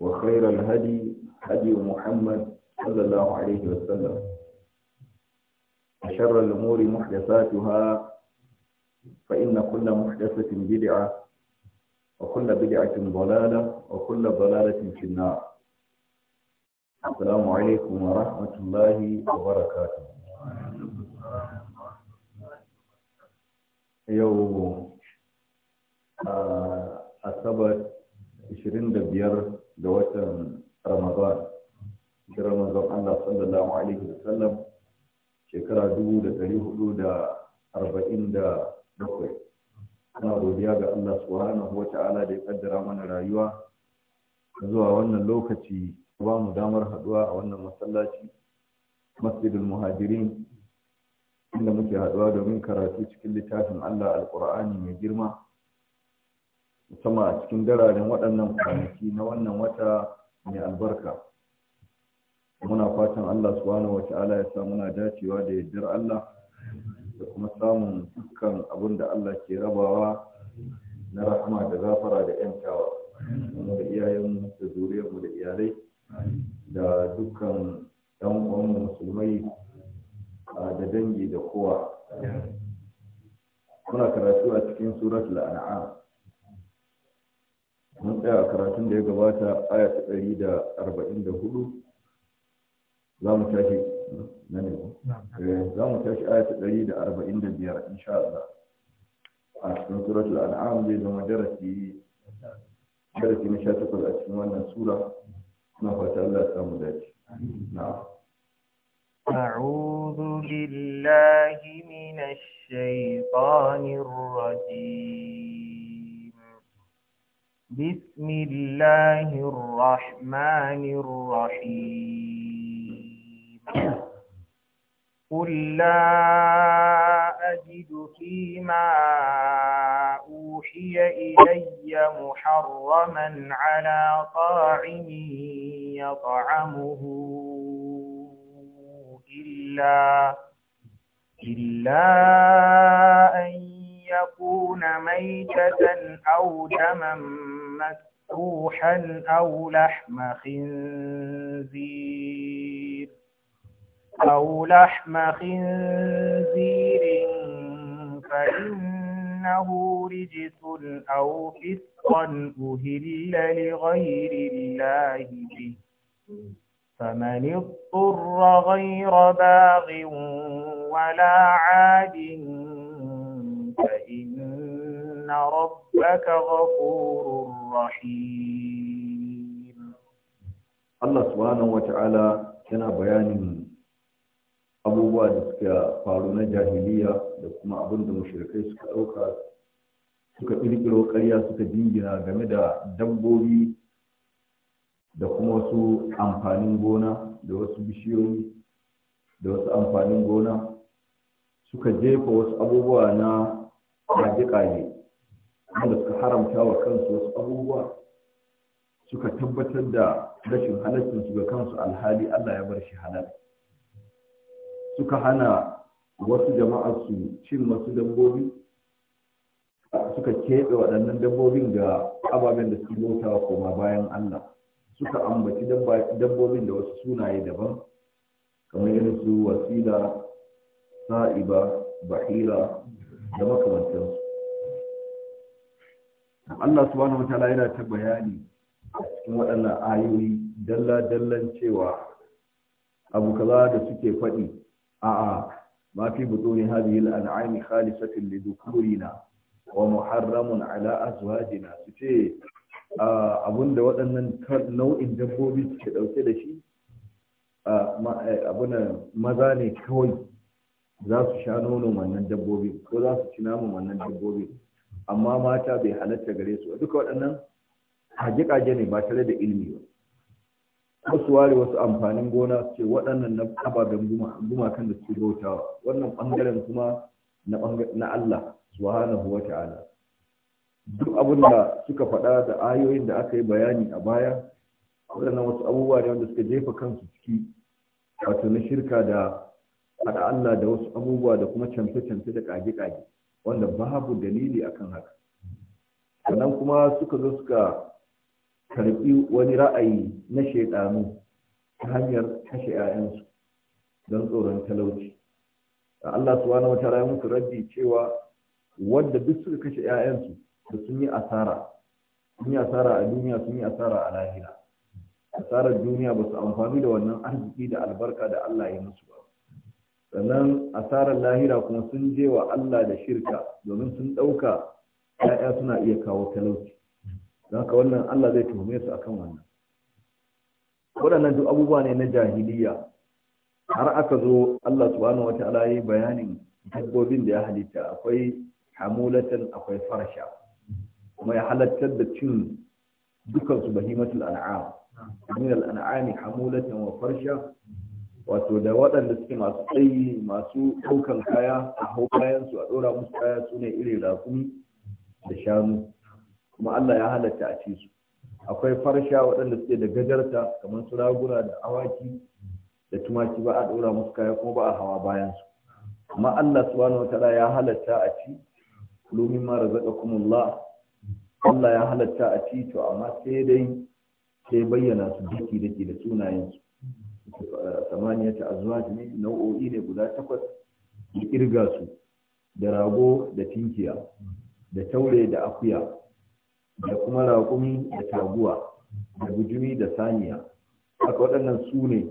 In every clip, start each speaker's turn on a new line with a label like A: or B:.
A: وخير الهدي هدي محمد صلى الله عليه وسلم وشر الأمور محدثاتها فإن كل محدثة بدعة وكل بدعة ضلالة وكل ضلالة في النار السلام عليكم ورحمة الله وبركاته يوم أصبت آه، 25 da watan Ramadan da Ramadan Allah sallallahu alaihi wa sallam shekara dubu da da arba'in da ana godiya ga Allah subhanahu wa ta'ala da ya kaddara mana rayuwa zuwa wannan lokaci ba mu damar haduwa a wannan masallaci masjidul muhajirin inda muke haduwa domin karatu cikin littafin Allah alqur'ani mai girma Sama a cikin dararen waɗannan kwanaki na wannan wata mai albarka muna fatan Allah subhanahu wa ta'ala ya sa muna dacewa da yardar Allah da kuma samun dukkan abin da Allah ke rabawa na rahama da zafara da yantawa kuma da iyayenmu da zuriyarmu da iyalai da dukkan ɗan musulmai da dangi da kowa muna karatu a cikin suratul an'am mun tsaya a karatun da ya gabata aya ta ɗari da arba'in da hudu za mu tashi na ne eh, za mu tashi aya ta ɗari da arba'in da biyar in sha Allah a cikin suratul al'am zai zama darasi darasi na sha takwas a cikin wannan sura na fata Allah ya samu dace na
B: أعوذ بالله من الشيطان الرجيم بسم الله الرحمن الرحيم قل لا أجد فيما أوحي إلي محرما على طاعم يطعمه إلا إلا أن يكون ميتة أو دما مفتوحا أو لحم خنزير أو لحم خنزير فإنه رجس أو فسقا أهل لغير الله به فمن اضطر غير باغ ولا عاد فإن ربك غفور Allah
A: الله سبحانه وتعالى كان بيان abubuwa da suka faru na jahiliya da kuma abin da mushrikai suka ɗauka suka ƙirƙiro ƙarya suka jingina game da dabbobi da kuma wasu amfanin gona da wasu bishiyoyi da wasu amfanin gona suka jefa wasu abubuwa na ƙage-ƙage wanda suka haramta wa kansu wasu abubuwa suka tabbatar da rashin su ga kansu alhali Allah ya bar shi halal suka hana wasu jama'a su cin wasu dabbobi suka keɓe waɗannan dabbobin ga ababen da su bauta koma bayan Allah suka ambaci dabbobin da wasu sunaye daban kamar irin su wasila sa'iba bahira da makamantansu Allah subhanahu wataala yana ta bayani cikin waɗannan ayoyi dalla dallan cewa abu kaza da suke faɗi a'a ma fi butuni hadhihi al-an'ami li dhukurina wa muharramun ala azwajina su ce da waɗannan nau'in dabbobi suke ɗauke da shi abuna maza ne kawai za su sha nono wannan dabbobi ko za su ci naman wannan dabbobi amma mata bai halatta gare su duka waɗannan hajiƙaje ne ba tare da ilimi ba wasu ware wasu amfanin gona ce waɗannan na ababen gumakan da suke bautawa wannan ɓangaren kuma na Allah subhanahu wa ta'ala duk abin da suka faɗa da ayoyin da aka yi bayani a baya waɗannan wasu abubuwa ne wanda suka jefa kansu ciki wato na shirka da haɗa Allah da wasu abubuwa da kuma cance-cance da ƙage-ƙage wanda babu dalili akan haka sannan kuma suka zo suka karɓi wani ra'ayi na shaidanu ta hanyar kashe 'ya'yansu don tsoron talauci Allah su wani wata rayu musu rabbi cewa wanda duk suka kashe 'ya'yansu da sun yi asara sun yi asara a duniya sun yi asara a lahira asarar duniya ba su amfani da wannan arziki da albarka da Allah ya musu ba sannan asarar lahira kuma sun je wa Allah da shirka domin sun ɗauka ‘ya'ya suna iya kawo talauci don haka wannan Allah zai tuhume su akan wannan waɗannan duk abubuwa ne na jahiliya har aka zo Allah subhanahu wa ta'ala yi bayanin dabbobin da ya halitta akwai hamulatan akwai farsha kuma ya halattar da cin dukansu bahimatul an'am min al-an'ami hamulatan wa farsha wato da waɗanda suke masu tsayi masu ɗaukan kaya a hau bayansu a ɗora musu kaya su ne irin rakumi da shanu kuma Allah ya halatta a ci su akwai farsha waɗanda suke da gajarta kamar su raguna da awaki da tumaki ba a ɗora musu kaya kuma ba a hawa bayan su amma Allah subhanahu wataala ya halatta a ci lumin ma razaqakumullah Allah ya halatta a ci to amma sai dai sai bayyana su da dake da sunayen su samaniya ta azwaj ne nau'o'i ne guda takwas da kirga su da rago da tinkiya da taure da akuya da kuma raƙumi da taguwa da bujumi da saniya haka waɗannan su ne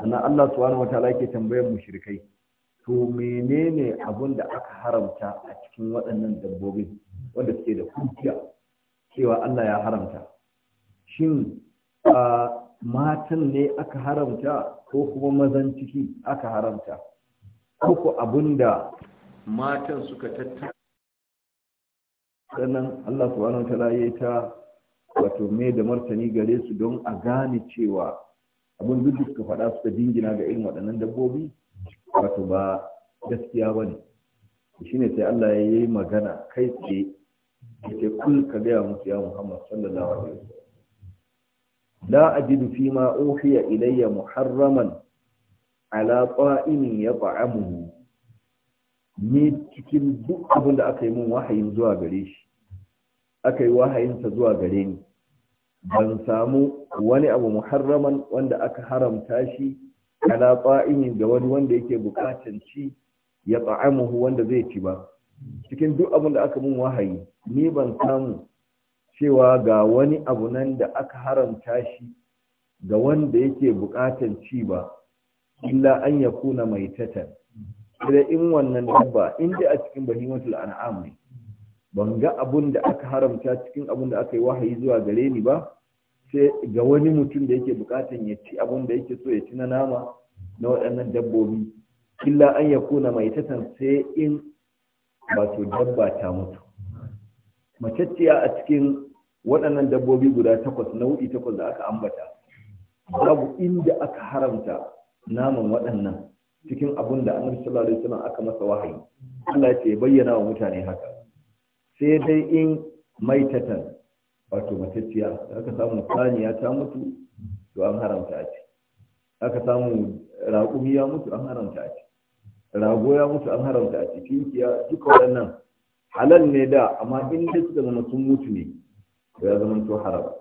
A: sannan Allah subhanahu wataala ke tambayar mushrikai to menene abun da aka haramta a cikin waɗannan dabbobi wanda suke da kuciya cewa Allah ya haramta shin a ah, matan ne aka haramta ko kuma mazan ciki aka haramta ko abinda matan suka tattara sannan Allah subhanahu wa ta'ala yayi ta wato me da martani gare su don a gane cewa abin duk suka faɗa suka jingina ga irin waɗannan dabbobi wato ba gaskiya shi ne shine sai Allah ya yi magana kai tsaye ya ce kul ka gaya musu ya Muhammad sallallahu alaihi wasallam لا أجد فيما أوحي إلي محرما على طائم يطعمه ni cikin duk abin da aka yi min wahayin zuwa gare shi aka yi wahayinsa zuwa gare ni ban samu wani abu muharraman wanda aka haramta shi ala tsa'imin ga wani wanda yake bukatan ci ya tsa'amuhu wanda zai ci ba cikin duk abin da aka min wahayi ni ban samu cewa ga wani abu nan da aka haramta shi ga wanda yake buƙatar ci ba illa an ya kuna mai tatar da in wannan dabba inda a cikin bahimatul an'am ne ban ga abun da aka haramta cikin abun da aka yi wahayi zuwa gare ni ba sai ga wani mutum da yake buƙatar ya ci abun da yake so ya ci na nama na waɗannan dabbobi illa an ya kuna mai tatar sai in wato dabba ta mutu macacciya a cikin waɗannan dabbobi guda takwas nau'i takwas da aka ambata babu inda aka haramta naman waɗannan cikin abin da annabi sallallahu alaihi wasallam aka masa wahayi Allah ya ce bayyana wa mutane haka sai dai in maitatan wato macacciya da aka samu saniya ta mutu to an haramta a ce aka samu raƙumi ya mutu an haramta a ce rago ya mutu an haramta ce kinkiya duka waɗannan halal ne da amma in da suka zama sun mutu ne ya zama to haram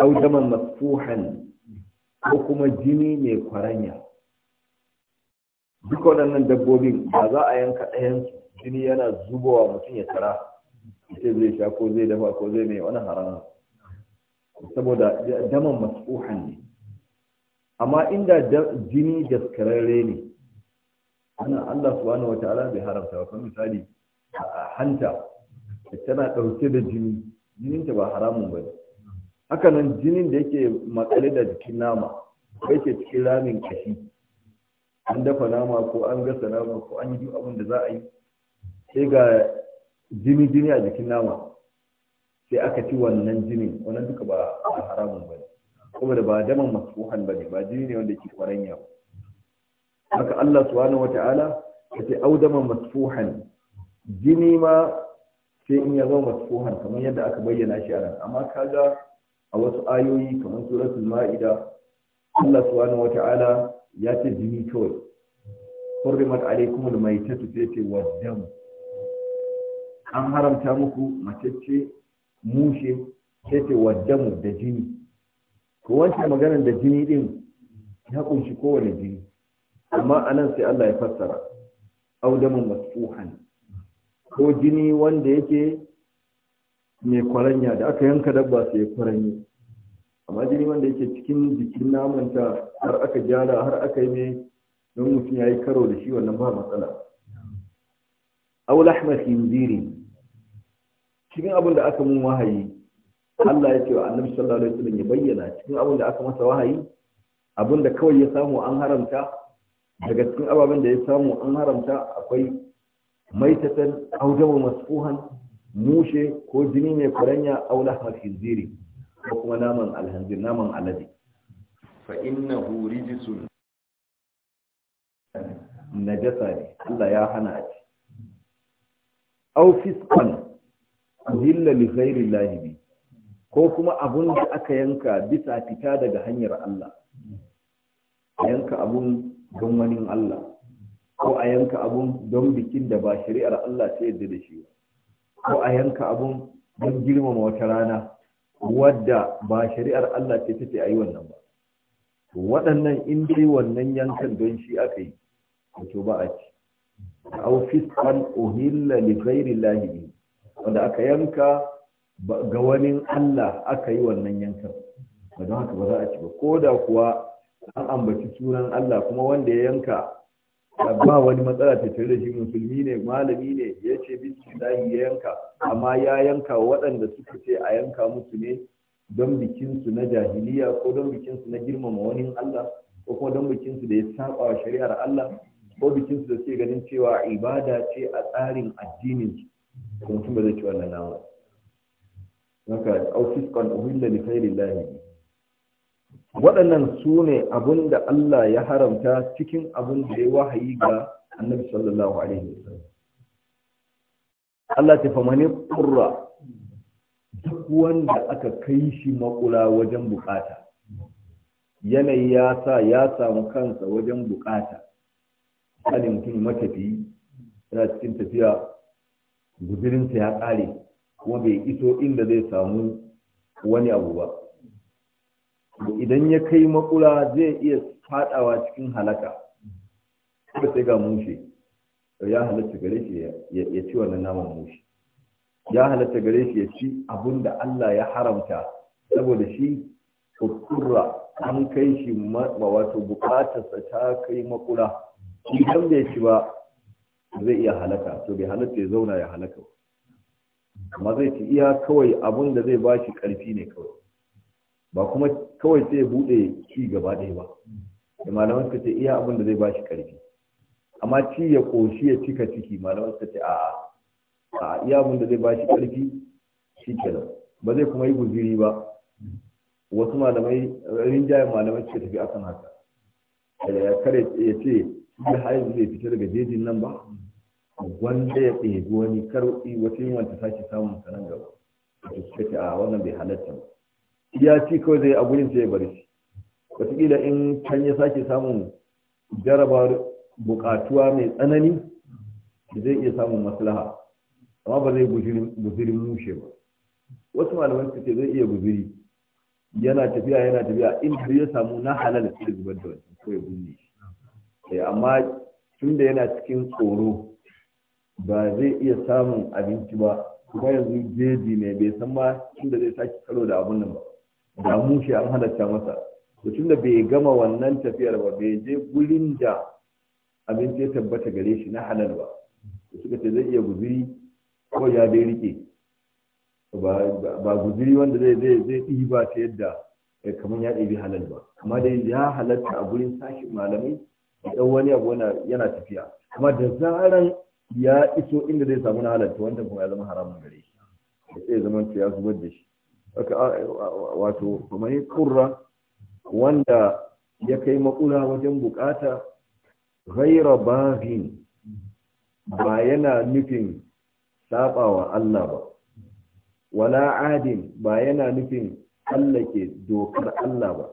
A: au daman masfuhan ko kuma jini mai kwaranya duk waɗannan dabbobin ba za a yanka ɗayan jini yana zubowa mutum ya tara ce zai sha ko zai dafa ko zai mai wani haram saboda daman masfuhan ne amma inda jini daskararre ne ana Allah subhanahu wa ta'ala bai haramta ba misali hanta tana ɗauke da jini jininta ba haramun ba ne haka jinin da yake matsale da jikin nama ko yake cikin ramin kashi an dafa nama ko an gasa nama ko an yi duk abin da za a yi sai ga jini jini a jikin nama sai aka ci wannan jinin wannan duka ba haramun ba ne da ba daman masuhan ba ne ba jini ne wanda ke kwaranya haka Allah subhanahu wata'ala ya ce au masuhan jini ma sai in ya zama kohan kamar yadda aka bayyana shi a nan amma kaga a wasu ayoyi kamar suratul ma'ida Allah subhanahu wata'ala ya ce jini kawai hurrimat mai maitatu sai ce waddam an haramta muku matacce mushe sai ce waddamu da jini ko wancan maganar da jini din ya kunshi kowane jini amma anan sai Allah ya fassara damu masfuhan ko jini wanda yake mai kwaranya da aka yanka dabba sai ya kwaranye amma jini wanda yake cikin jikin namanta har aka gyara har aka yi mai don mutum ya yi karo da shi wannan ba matsala aula ahmad hinziri cikin abin da aka mun wahayi Allah ya ce wa annabi sallallahu alaihi wasallam ya bayyana cikin abin da aka masa wahayi abin da kawai ya samu an haramta daga cikin ababen da ya samu an haramta akwai maitatan aw damu masuhan mushe ko jini mai kuranya aw lahmal ko kuma naman alhanzir naman alade fa innahu rijsun najasa ne Allah ya hana ci aw fisqan zilla li ghairi lahibi ko kuma abun da aka yanka bisa fita daga hanyar Allah yanka abun don wani Allah ko a yanka abun don bikin da ba shari'ar Allah ta yadda da shi ko a yanka abun don girmama wata rana wadda ba shari'ar Allah ce take a yi wannan ba waɗannan in dai wannan yankan don shi aka yi wato ba a ci aw fisqan uhilla li ghairi llahi wanda aka yanka ga wani Allah aka yi wannan yankan ba don haka ba za a ci ba ko da kuwa an ambaci sunan Allah kuma wanda ya yanka ba wani matsala ta tare da shi musulmi ne malami ne ya ce bismillahi ya yanka amma ya yanka waɗanda suka ce a yanka musu ne don bikinsu na jahiliya ko don bikinsu na girmama wani Allah ko kuma don bikinsu da ya saba wa shari'ar Allah ko bikinsu da suke ganin cewa ibada ce a tsarin addinin su mutum ba zai ci wannan nama Naka, au fisqan uhilla li ghayri waɗannan su ne abin da Allah ya haramta cikin abin da ya wahayi ga annabi sallallahu alaihi wasallam Allah ta famani qurra duk wanda aka kai shi makula wajen bukata yanayi ya sa ya samu kansa wajen bukata misali mutum matafi yana cikin tafiya guzurinsa ya ƙare kuma bai iso inda zai samu wani abu ba idan ya kai makula zai iya fadawa cikin halaka ko sai ga mushe ya halatta gare shi ya ci wannan naman mushe ya halatta gare shi ya ci abin da Allah ya haramta saboda shi kusurra an kai shi wato sa ta kai makula idan bai ci ba zai iya halaka to bai halatta ya zauna ya halaka amma zai ci iya kawai abin da zai ba shi karfi ne kawai ba kuma kawai sai ya bude ci gaba ɗaya ba da malaman suka ce iya abin da zai ba shi ƙarfi amma ci ya ƙoshi ya cika ciki malaman suka ce a'a a iya abin da zai ba shi ƙarfi shi nan ba zai kuma yi guziri ba wasu malamai rinjayen malamai suka tafi akan haka ya kare ya ce da har zai fita daga jejin nan ba wanda ya ɗebi wani karɓi wata yin wanta sake samun sanan gaba da suka ce a wannan bai halatta ba ya ci kawai zai a gurin sai ya bari shi wataƙila in can ya sake samun jarabar buƙatuwa mai tsanani zai iya samun maslaha amma ba zai guzirin mushe ba wasu malaman su ce zai iya guziri yana tafiya yana tafiya in ya samu na halal da zubar da wani ko ya bunne shi eh, amma tun da yana cikin tsoro ba zai iya samun abinci ba kuma yanzu jeji ne bai san ma da zai sake karo da abun nan ba da mushi an halatta masa mutum da bai gama wannan tafiyar ba bai je gurin da abinci ya tabbata gare shi na halal ba suka ce zai iya guziri ko ya dai rike ba guziri wanda zai zai zai ba ta yadda kamar ya ɗibi halal ba amma dai ya halatta a gurin sashin malamai idan wani abu yana tafiya amma da zaran ya iso inda zai samu na halatta wanda kuma ya zama haramun gare shi sai ya zama ya zubar da shi wato kamar kurra wanda ya kai makula wajen bukata ghaira baghin ba yana nufin sabawa Allah ba wala adin ba yana nufin tsallake dokar Allah ba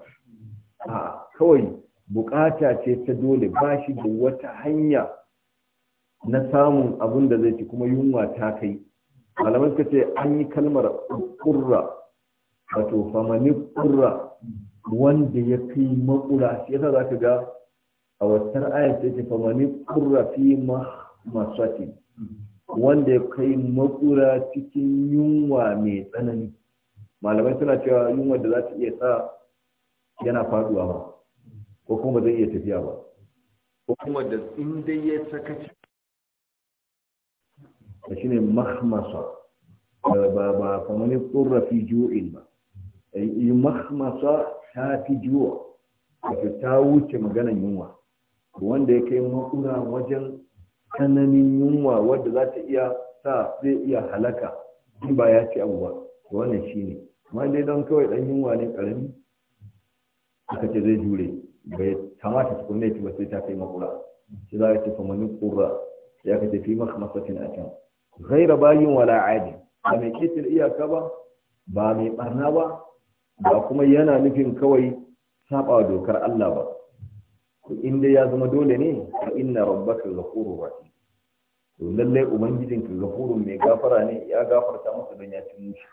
A: a kawai bukata ce ta dole ba shi da wata hanya na samun abin da zai ci kuma yunwa ta kai malamai suka ce an yi kalmar kurra wato famani kurra wanda ya fi makura shi yasa za ka ga a wasan ayar ce ce famani kurra fi maswati wanda ya kai makura cikin yunwa mai tsanani malamai suna cewa yunwa da za ta iya sa yana faduwa ba ko kuma zai iya tafiya ba ko kuma da in dai ya sakaci shi ne mahmasa ba ba kurra fi ju'in ba makmasa ta fi jiwa da ta wuce maganan yunwa wanda ya kai makura wajen tsananin yunwa wadda za ta iya sa zai iya halaka in ba ya ci abu ba wannan shi ne ma dai don kawai dan yunwa ne karami aka ce zai jure bai kamata su kunne ba sai ta kai makura shi za ka ce fa mani kura ya ka tafi makamasatin a can gaira bayin wala ba mai kitir iyaka ba ba mai barna ba ba kuma yana nufin kawai saba dokar Allah ba inda dai ya zama dole ne a inna rabbaka ghafurur rahim to lalle ka ghafurun mai gafara ne ya gafarta masa don ya cin shi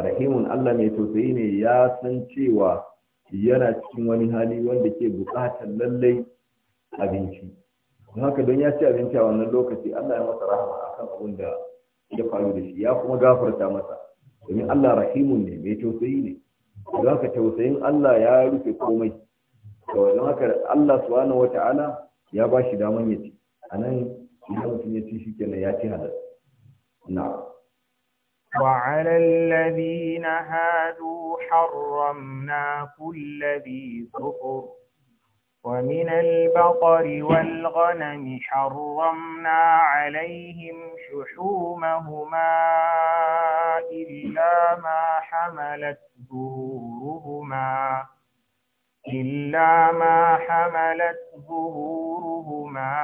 A: rahimun Allah mai tausayi ne ya san cewa yana cikin wani hali wanda ke buƙatar lalle abinci don haka don ya ci abinci a wannan lokaci Allah ya masa rahama akan abin da ya faru da shi ya kuma gafarta masa domin Allah rahimun ne mai tausayi ne don haka tausayin Allah ya rufe komai to wajen haka Allah subhanahu wata'ala ya ba shi daman ya ci a nan idan mutum ya ci shi kenan ya ci halal na
B: وعلى الذين هادوا حرمنا كل ذي ظفر ومن البقر والغنم حرمنا عليهم شحومهما إلا ما حملت ظهورهما إلا ما حملت ظهورهما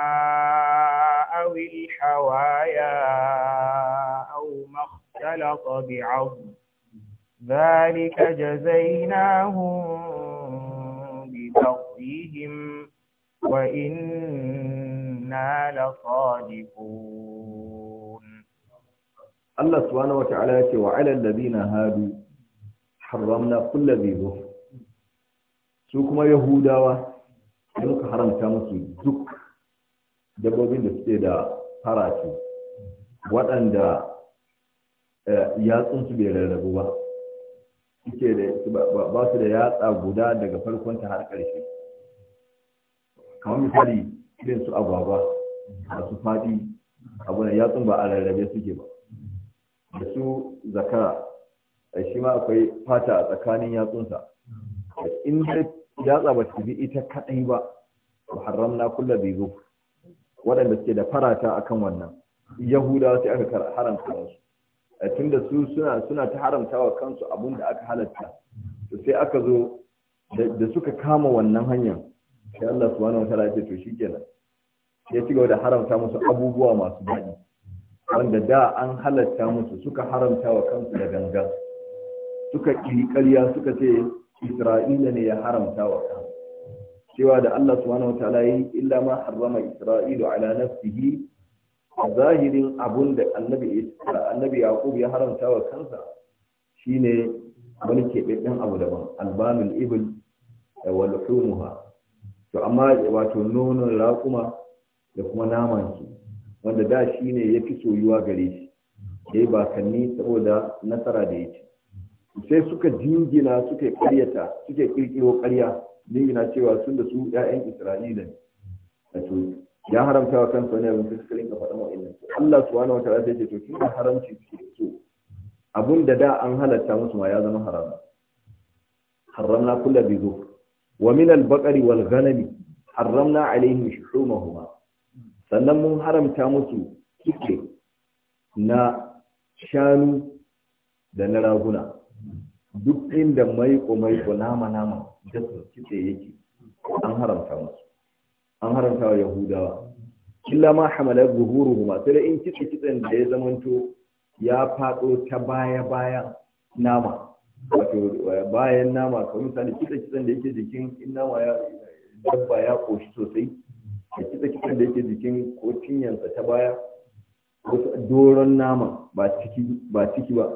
B: أو الحوايا أو ما اختلط بعظم ذلك جزيناهم فيهم وإنا لصادقون
A: الله سبحانه وتعالى وعلى الذين هادوا حرمنا كل ذي ظهر su kuma yahudawa ka haramta musu duk dabbobin da suke da farashi. waɗanda yatsunsu bai rarrabu ba suke da ba su da yatsa guda daga farkonta har ƙarshe kamar misali irin su agwagwa masu faɗi abu ya yatsun ba a rarrabe suke ba da su zakara a shi ma akwai fata a tsakanin yatsunsa in dai yatsa ba su bi ita kaɗai ba haram na kulla bai zo waɗanda suke da farata akan wannan yahudawa sai aka haramta su da su suna suna ta haramta wa kansu abun da aka halatta to sai aka zo da suka kama wannan hanyar sai Allah subhanahu wataala ya ce to shikenan ya ci gaba da haramta musu abubuwa masu daɗi wanda da an halatta musu suka haramta wa kansu da gangan suka ƙi ƙarya suka ce Isra'ila ne ya haramta wa kansu cewa da Allah subhanahu wataala yi illa ma harrama Isra'ilu ala nafsihi zahirin abun da annabi annabi Yaqub ya haramta wa kansa shine wani keɓaɓɓen abu daban albanul ibil wa luhumuha to amma wato nonon raƙuma da kuma naman ki. wanda da shi ne ya fi soyuwa gare shi ya yi bakanni saboda nasara da ya ci sai suka jingina suka karyata suka ƙirƙiro karya jingina cewa sun da su 'ya'yan isra'ila ne wato ya haramta wa kansa wani abin suka rinka faɗa wa su Allah wani wata sai ce to kin da haramci ke so abun da da an halatta musu ma ya zama haram Haram na bi zuhur wa min al-baqari wal ghanami harramna alaihim shuhumahuma sannan mun haramta musu kike na shanu da na raguna duk inda maiko maiko nama nama da su yake an haramta musu an haramta wa yahudawa illa ma hamala zuhuruhuma sai in kitse kitsen da ya zamanto ya faɗo ta baya baya nama wato eh, bayan nama kamar misali kitsa kitsan da yake jikin in nama ya dabba ya koshi sosai da kitsa kitsan da yake jikin ko cinyansa ta baya ko doron nama ba ciki ba ciki ba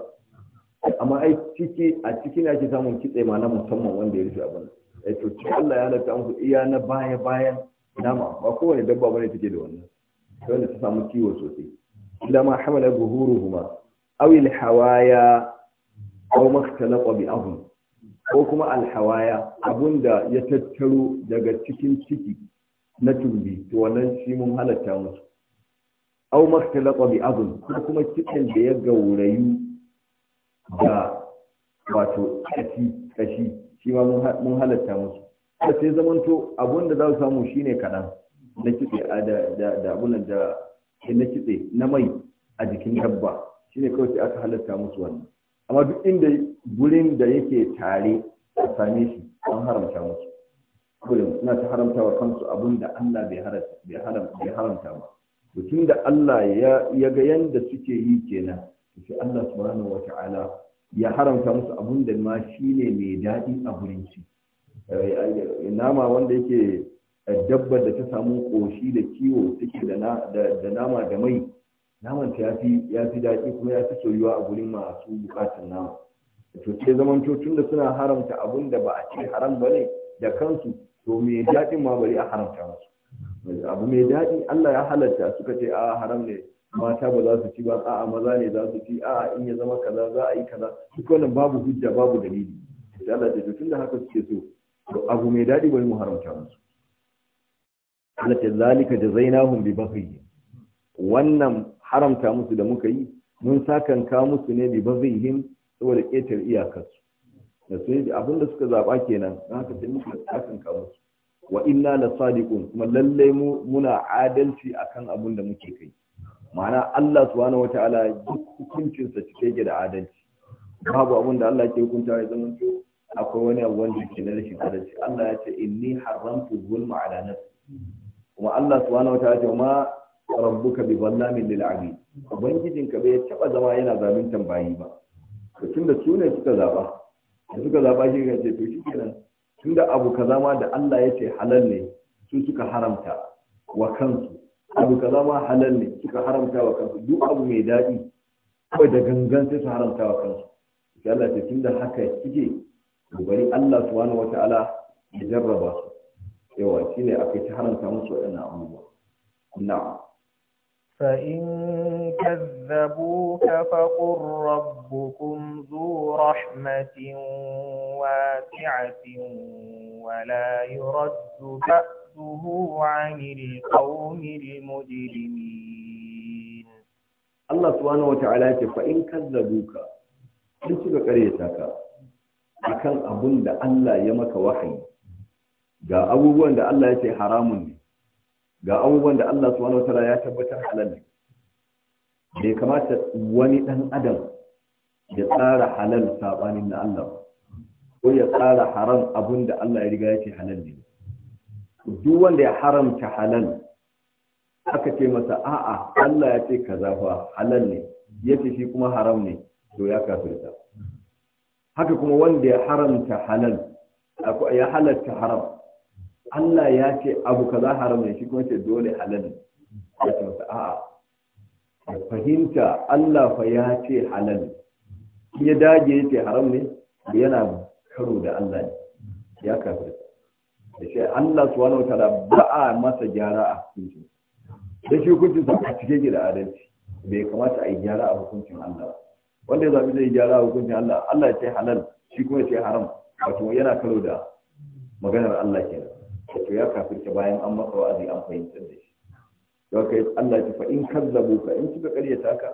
A: amma ai ciki a ciki ne ake samun kitse ma na musamman wanda ya rufe abin eh to ci Allah ya halatta muku iya na baya bayan nama ba kowane dabba bane take da wannan wanda ta samu ciwo sosai illa ma hamala zuhuruhuma aw awil hawaya ko maktalaqa bi abu ko kuma alhawaya abunda ya tattaro daga cikin ciki na turbi to wannan shi mun halatta musu aw maktalaqa bi abu ko kuma cikin da ya gaurayu da wato kashi kashi shi ma mun halatta musu sai zamanto abunda za su samu shine kaɗan na kitse da abunan da na kitse na mai a jikin dabba shine kawai sai aka halatta musu wannan amma duk inda gurin da yake tare a same shi an haramta musu gurin suna ta haramta wa kansu abin da Allah bai haramta ba mutum da Allah ya ga yanda suke yi kenan sai Allah subhanahu wa ta'ala ya haramta musu abin da ma shine mai daɗi a gurin shi eh, eh, nama wanda yake eh, dabbar da ta samu koshi da kiwo take da nama da mai naman ta ya fi daɗi kuma ya fi soyuwa a gurin masu bukatan nama to sai zaman cocin da suna haramta abun da ba a ce haram ba ne da kansu to me daɗin ma bari a haramta musu abu mai daɗi Allah ya halatta suka ce a haram ne mata ba za su ci ba a maza ne za su ci a'a in ya zama kaza za a yi kaza duk wannan babu hujja babu dalili sai Allah ya tun da haka suke so to abu mai daɗi bari mu haramta musu Allah ta zalika jazainahum bi baghi wannan haramta musu da muka yi mun sakanka musu ne bi bazihim saboda ƙetar iyakarsu da sun yi abin da suka zaɓa kenan don haka sai muka sakanka musu wa inna la sadiqun kuma lallai mu muna adalci akan abin da muke kai ma'ana Allah subhanahu wata'ala duk hukuncinsa cike yake da adalci babu abin da Allah ke hukunta ya zama to akwai wani abu wanda yake na rashin adalci Allah ya ce inni haramtu zulma ala nafsi kuma Allah subhanahu wata'ala ce ma rabbuka bi zallamin lil abid ka bai taba zama yana zaluntan tambayi ba to tunda su ne suka zaba da suka zaba shi ga ce to shi kenan tunda abu kaza ma da Allah ya ce halal ne su suka haramta wa kansu abu kaza ma halal ne suka haramta wa kansu duk abu mai daɗi kawai da gangan sai su haramta wa kansu sai Allah ce tunda haka kike bari Allah subhanahu wataala ya jarraba su yawa shine akai ta haramta musu wa'annan abubuwa na'am
B: فإن كذبوك فقل ربكم ذو رحمة واسعة ولا يرد بأسه عن القوم المجرمين
A: الله سبحانه وتعالى فإن كذبوك إن suka ƙaryata ka akan abun da Allah ya maka wahayi ga abubuwan da Allah ya ce haramun ne ga abubuwan da Allah subhanahu wataala ya tabbatar halal ne bai kamata wani dan adam ya tsara halal sabanin na Allah ko ya tsara haram abun da Allah ya riga ya ce halal ne duk wanda ya haramta halal aka ce masa a'a Allah ya ce kaza fa halal ne yace shi kuma haram ne to ya kafirta haka kuma wanda ya haramta halal ya halatta haram Allah ya ce abu kaza haram ne shi kuma ce dole halal ya ce masa a'a fahimta Allah fa ya ce halal ya dage ya ce haram ne yana karo da Allah ne ya kafir da shi Allah su wani wata ba a masa gyara a hukuncin da shi hukuncin sa a cikin gida adalci bai kamata a yi gyara a hukuncin Allah wanda ya zabi zai gyara a hukuncin Allah Allah ya ce halal shi kuma ya ce haram wato yana karo da maganar Allah kenan to ya kafirce bayan an masa wa'azi an fahimtar da shi don kai Allah ya fa in kazzabu ka in kika karyata ka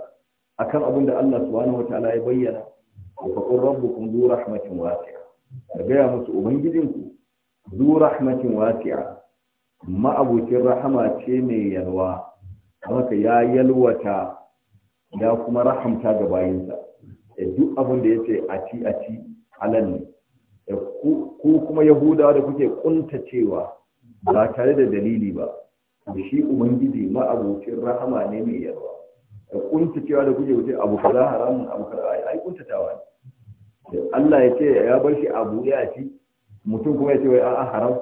A: akan abin da Allah subhanahu wataala ya bayyana fa qur rabbukum zu rahmatin wasi'a da gaya musu ubangijinku zu rahmatin wasi'a Ma'abokin rahama ce mai yalwa haka ya yalwata ya kuma rahamta ga bayinsa eh, duk abin da ya ce a ci a ci halal ne ku kuma yahudawa da kuke kuntacewa ba tare da dalili ba shi ubangiji ma abokin rahama ne mai yawa da kuntacewa da kuke wuce abu kaza haram abu kaza ai kuntatawa ne Allah ya ce ya bar shi abu ya ci mutum kuma ya ce wai a'a haram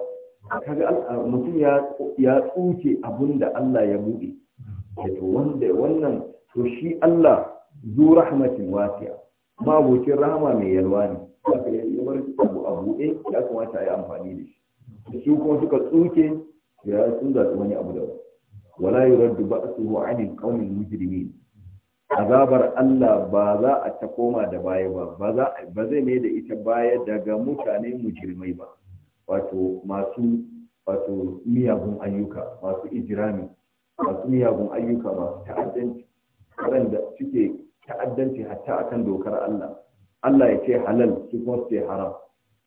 A: kaga mutum ya ya tsuke abun da Allah ya bude to wanda wannan to shi Allah zu rahmatin wasiya. ma abokin rahama mai yalwa ne za ka yi bar abu a buɗe ya kamata a yi amfani da shi su kuma suka tsuke ya sun zaɓi wani abu da wala su ba'suhu 'anil qaumil mujrimin azabar Allah ba za a ta koma da baya ba ba zai mai da ita baya daga mutane mujirmai ba wato masu wato miyagun ayyuka masu ijirami masu miyagun ayyuka masu ta'addanci waɗanda suke ta'addanci hatta akan dokar Allah Allah ya ce halal su kuma su ce haram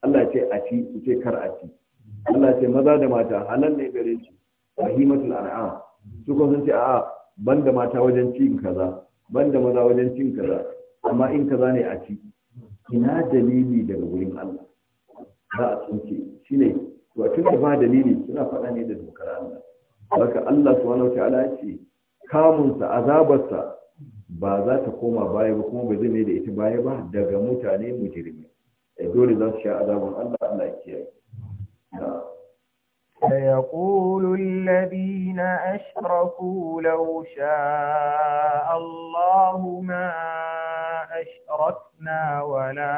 A: Allah ya ce a ci su ce kar a ci Allah ya ce maza da mata halal ne gare su himatul an'am su kuma sun ce a'a ban da mata wajen cin kaza ban da maza wajen cin kaza amma in kaza ne a ci ina dalili daga wurin Allah za a tsince shi ne to tun da ba dalili suna faɗa ne da dokar Allah haka Allah subhanahu wa ta'ala ya ce kamunsa azabarsa ba za ta koma baya ba kuma ba zai mai da ita baya ba daga mutane mujirmi eh, dole za su sha azabin Allah Allah ya kiyaye
B: سيقول الذين أشركوا لو شاء الله ما أشركنا ولا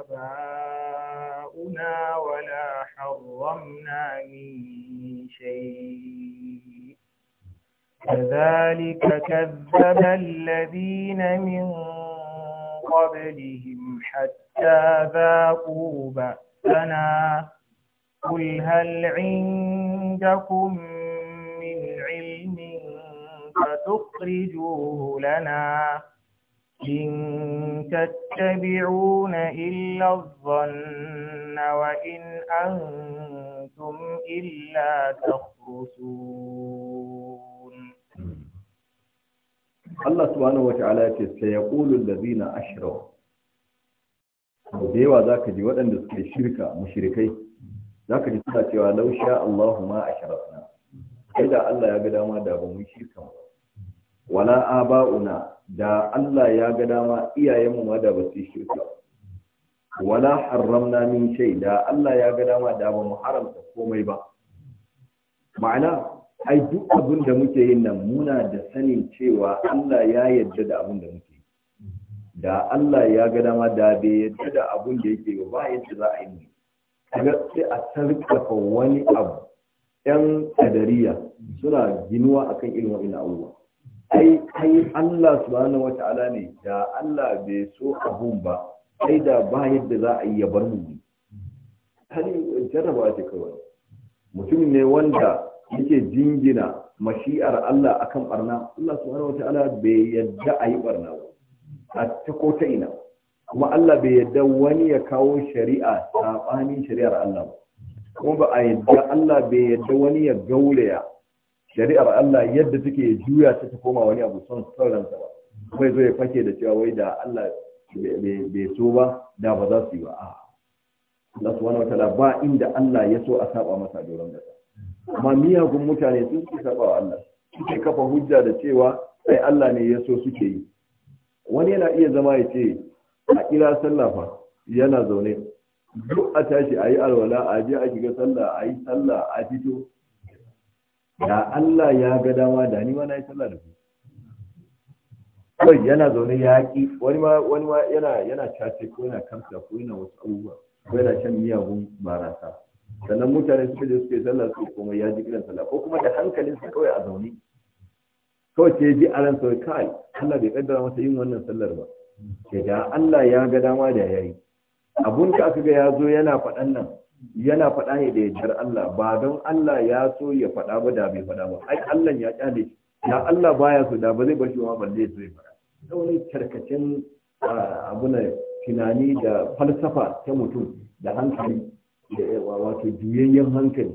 B: آباؤنا ولا حرمنا من شيء كذلك كذب الذين من قبلهم حتى ذاقوا بأسنا قل هل عندكم من علم فتخرجوه لنا إن تتبعون إلا الظن وإن أنتم إلا تخرصون
A: Allah subhanahu wata'ala ya ce sai ya ƙulu lazina ashirau da yawa za ka ji waɗanda suke shirka mushrikai za ka ji suna cewa lausha Allahu ma ashrafna sai da Allah ya ga dama da ba mun shirka ba wala aba'una da Allah ya ga dama iyayenmu ma da ba su shirka wala haramna min shay da Allah ya ga dama da ba mu haramta komai ba ma'ana ai duk abin da muke yin nan muna da sanin cewa Allah ya yarda da abin da muke yi da Allah ya ga dama da bai yarda da abin da yake ba yadda za a yi ne kaga sai a sarkafa wani abu yan kadariya suna ginuwa akan irin wa'in abubuwa ai ai Allah subhanahu wata'ala ne da Allah bai so abun ba sai da ba yadda za a yi ya bar mu hali jarrabawa ce kawai mutum ne wanda yake jingina mashi'ar Allah akan barna Allah subhanahu wataala bai yadda a yi barna ba a ta ko ta ina kuma Allah bai yadda wani ya kawo shari'a sabanin shari'ar Allah ba kuma ba a yadda Allah bai yadda wani ya gaulaya shari'ar Allah yadda take juya ta ta koma wani abu son sauransa ba kuma zo ya fake da cewa wai da Allah bai so ba da ba za su yi ba a Allah subhanahu wataala ba inda Allah ya so a saba masa doron gasa amma miyagun mutane sun fi saba wa Allah suke kafa hujja da cewa sai Allah ne ya so suke yi wani yana iya zama ya ce a kira sallah fa yana zaune duk a tashi a yi alwala a je a shiga sallah a yi sallah a fito da Allah ya ga dama da ni ma na yi sallah da ku kawai yana zaune ya ki wani ma wani ma yana yana cace ko yana kamsa ko yana wasu abubuwa ko yana shan miyagun barasa sannan mutane suka je suka yi sallah su kuma ya ji kiran sallah ko kuma da hankalin sa kawai a zaune kawai sai ji a ran sai kai Allah bai kaddara masa yin wannan sallar ba ke da Allah ya ga dama da yayi abun da aka ga ya zo yana faɗan nan yana faɗa ne da yardar Allah ba don Allah ya so ya faɗa ba da bai faɗa ba ai Allah ya kyale ya Allah baya so da ba zai bar shi ma balle so ya faɗa da wani karkacin ah, abuna tunani da falsafa ta mutum da hankali da wato juyayyen hankali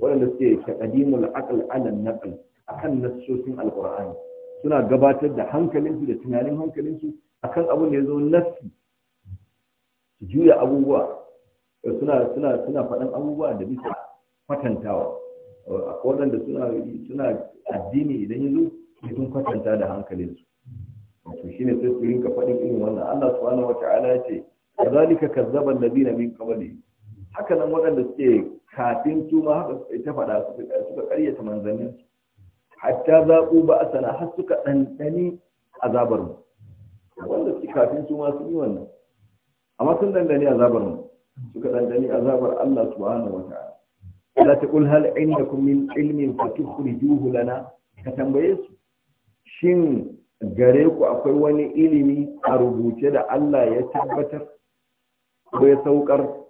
A: waɗanda suke shaƙadimul aqal ala naql akan nassosin alqur'ani suna gabatar da su da tunanin su akan abin da ya zo nassi su juya abubuwa suna suna suna faɗan abubuwa da bisa kwatantawa waɗanda suna suna addini idan ya zo sun kwatanta da su wato shine sai su rinka faɗin irin wannan Allah subhanahu wata'ala ya ce kazalika kazzaba alladhina min qablihim haka nan waɗanda suke kafin su ma haka ta faɗa suka ƙaryata manzannin su hatta zaɓu ba a sana har suka ɗanɗani azabar mu wanda suke kafin su ma sun yi wannan amma sun ɗanɗani azabar mu suka ɗanɗani azabar Allah subhanahu wa ta'ala la taqul hal indakum min ilmin fatukhrijuhu lana ka tambaye su shin gare ku akwai wani ilimi a rubuce da Allah ya tabbatar ko ya saukar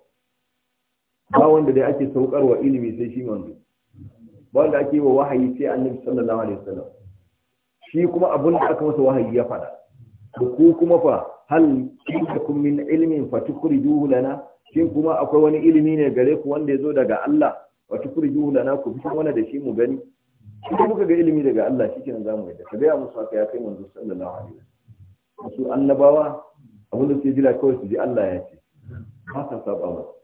A: ba wanda dai ake saukarwa ilimi sai shi manzo ba wanda ake wa wahayi sai annabi sallallahu alaihi wasallam shi kuma abun da aka masa wahayi ya faɗa da ku kuma fa hal kun min ilmin fatukhrijuhu lana shin kuma akwai wani ilimi ne gare ku wanda ya zo daga Allah fatukhrijuhu lana ku fitan wani da shi mu gani idan muka ga ilimi daga Allah shi kenan zamu yadda ka ga musu haka ya kai manzo sallallahu alaihi wasallam su annabawa abin da suke jira kawai su ji Allah ya ce ba sa saba masa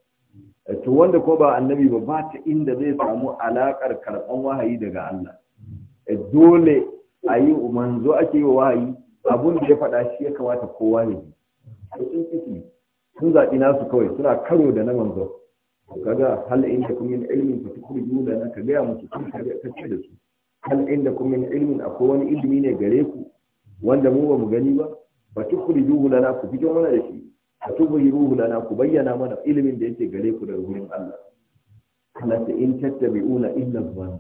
A: Eh, to wanda ko ba annabi ba ba ta inda zai samu alaƙar karɓan wahayi daga Allah eh, dole a yi manzo ake yi wa wahayi abun da ya faɗa shi ya kamata kowa ne to sun kiki sun zaɓi nasu kawai suna karo da na manzo kaga hal inda kun ilimin ka fa tukhruju na ka gaya musu kun ka ce da su hal inda kun yin ilimin akwai wani ilimi ne gare ku wanda mu ba mu gani ba fa tukhrijuhu na ku fito mana da shi fatubiruhu lana ku bayyana mana ilimin da yake gare ku daga gurin Allah kana ta in tattabi'una illa dhann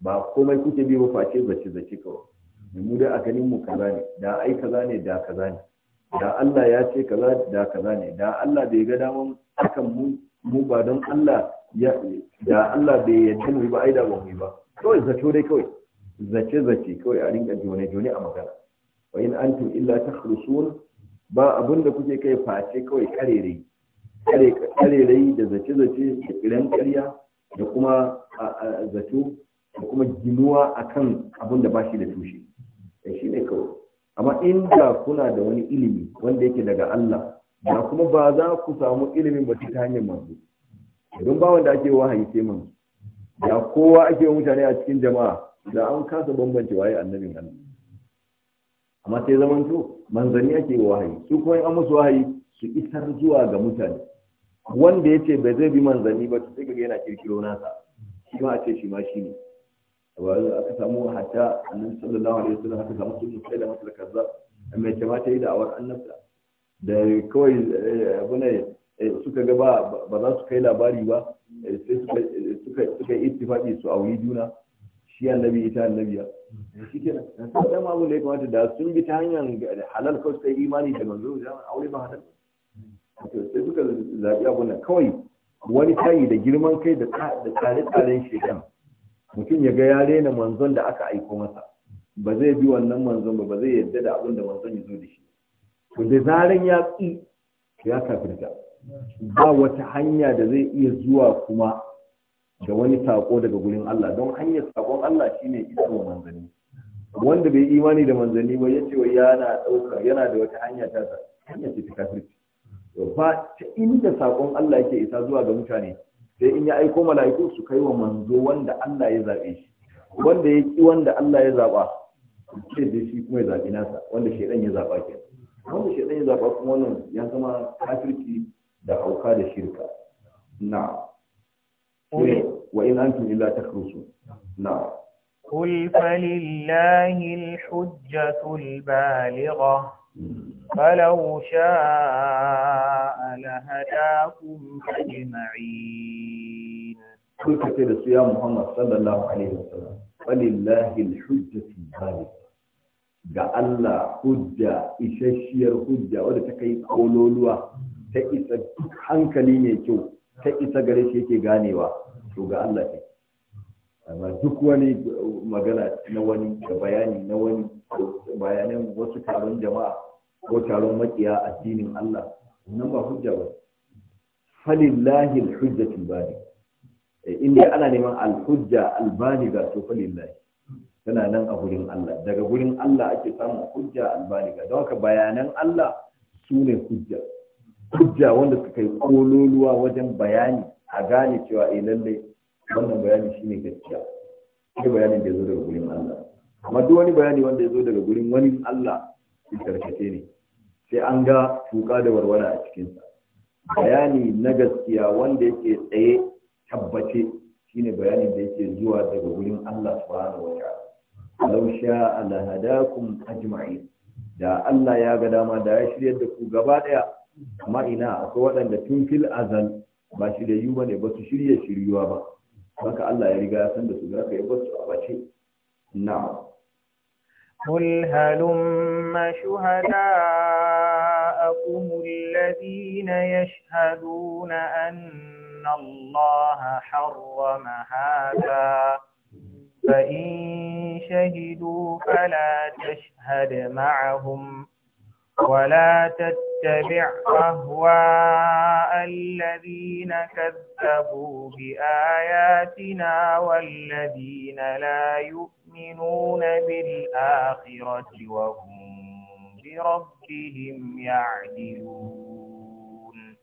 A: ba komai kuke bi ba face zace zace kawai mu da a mu kaza ne da ai kaza ne da kaza ne da Allah ya ce kaza da kaza ne da Allah bai ga daman akan mu mu ba don Allah ya da Allah bai yadda mu ba ai da ba mu ba kawai zato dai kawai zace zace kawai a rinka jone jone a magana wa in antum illa takhrusun ba abin da kuke kai face kawai karerai karerai da zace-zace da kiran karya da kuma zato da kuma ginuwa akan abin da ba shi da tushe eh, shi ne kawai amma inda kuna da wani ilimi wanda yake daga Allah da kuma ba za ku samu ilimin ba ta hanyar manzo idan ba wanda ake wahayi sai manzo da kowa ake mutane a cikin jama'a da an kasa bambance waye annabin Allah amma sai zaman to manzanni ake wahayi su kuma an musu wahayi su isar zuwa ga mutane wanda ya ce bai zai bi manzanni ba sai kaga yana kirkiro nasa shi ma a ce shi ma shi ne aka samu hatta annabi sallallahu alaihi wasallam aka samu sunnu sai da masal kaza mai ce ma ta yi da'awar annabta da kawai eh, abu ne eh, suka ga ba za su kai labari ba eh, sai suka suka ittifaqi su auri juna shi annabi ita annabiya ko dama abin da ya kamata da sun bi ta hanyar halal ko sai imani da manzo da aure ba halal to sai suka zabi kawai wani tayi da girman kai da tsare-tsaren shekan mutum ya ga ya rena manzon da aka aiko masa ba zai bi wannan manzon ba ba zai yadda da abin da manzon ya zo da shi to da zaran ya tsi ya kafirta ba wata hanya da zai iya zuwa kuma da wani sako daga gurin Allah don hanyar sakon Allah shine wa manzanni wanda bai imani da manzanni ba yace wa yana dauka yana da wata hanya ta sa hanya ce ta kafirci ba ta inda sakon Allah yake isa zuwa ga mutane sai in ya aiko mala'iku su kai wa manzo wanda Allah ya zabe shi wanda ya ki wanda Allah ya zaba ce da shi kuma ya zabi nasa wanda shedan ya zaba ke wanda shedan ya zaba kuma wannan ya zama kafirci da hauka da shirka na'am وإن أنتم إلا تخرصون نعم
B: قل فلله الحجة
A: البالغة
B: فلو شاء لهداكم أجمعين
A: قل كثير يا محمد صلى الله عليه وسلم فلله الحجة البالغة ga حجة hujja حجة hujja wadda ta kai kololuwa ta ta isa gare shi yake ganewa to ga Allah ne amma duk wani magana na wani da bayani na wani bayanan wasu taron jama'a ko taron makiya addinin Allah nan ba hujja ba falillahi alhujjatu bani eh, in dai ana neman alhujja ga to falillahi tana nan a gurin Allah daga gurin Allah ake samun hujja ga don haka bayanan Allah sune hujja hujja wanda suka yi kololuwa wajen bayani a gane cewa eh lalle wannan bayani shine gaskiya sai bayanin da ya zo daga gurin Allah amma duk wani bayani wanda ya zo daga gurin wani Allah shi karkace ne sai an ga tuka da warwara a cikinsa bayani na gaskiya wanda yake tsaye tabbace shine bayanin da yake zuwa daga gurin Allah subhanahu wa Lausha, law sha'a da Allah ya ga dama da ya shiryar da ku gaba daya amma ina akwai waɗanda tun fil azal ba shi da yiwu ne ba su shirya shiryuwa ba haka Allah ya riga ya san da su da ka ya bar su a bace na
B: قل هلم شهداءكم الذين يشهدون أن الله حرم هذا فإن شهدوا فلا تشهد معهم ولا تتبع أهواء الذين كذبوا بآياتنا والذين لا يؤمنون بالآخرة وهم بربهم يعدلون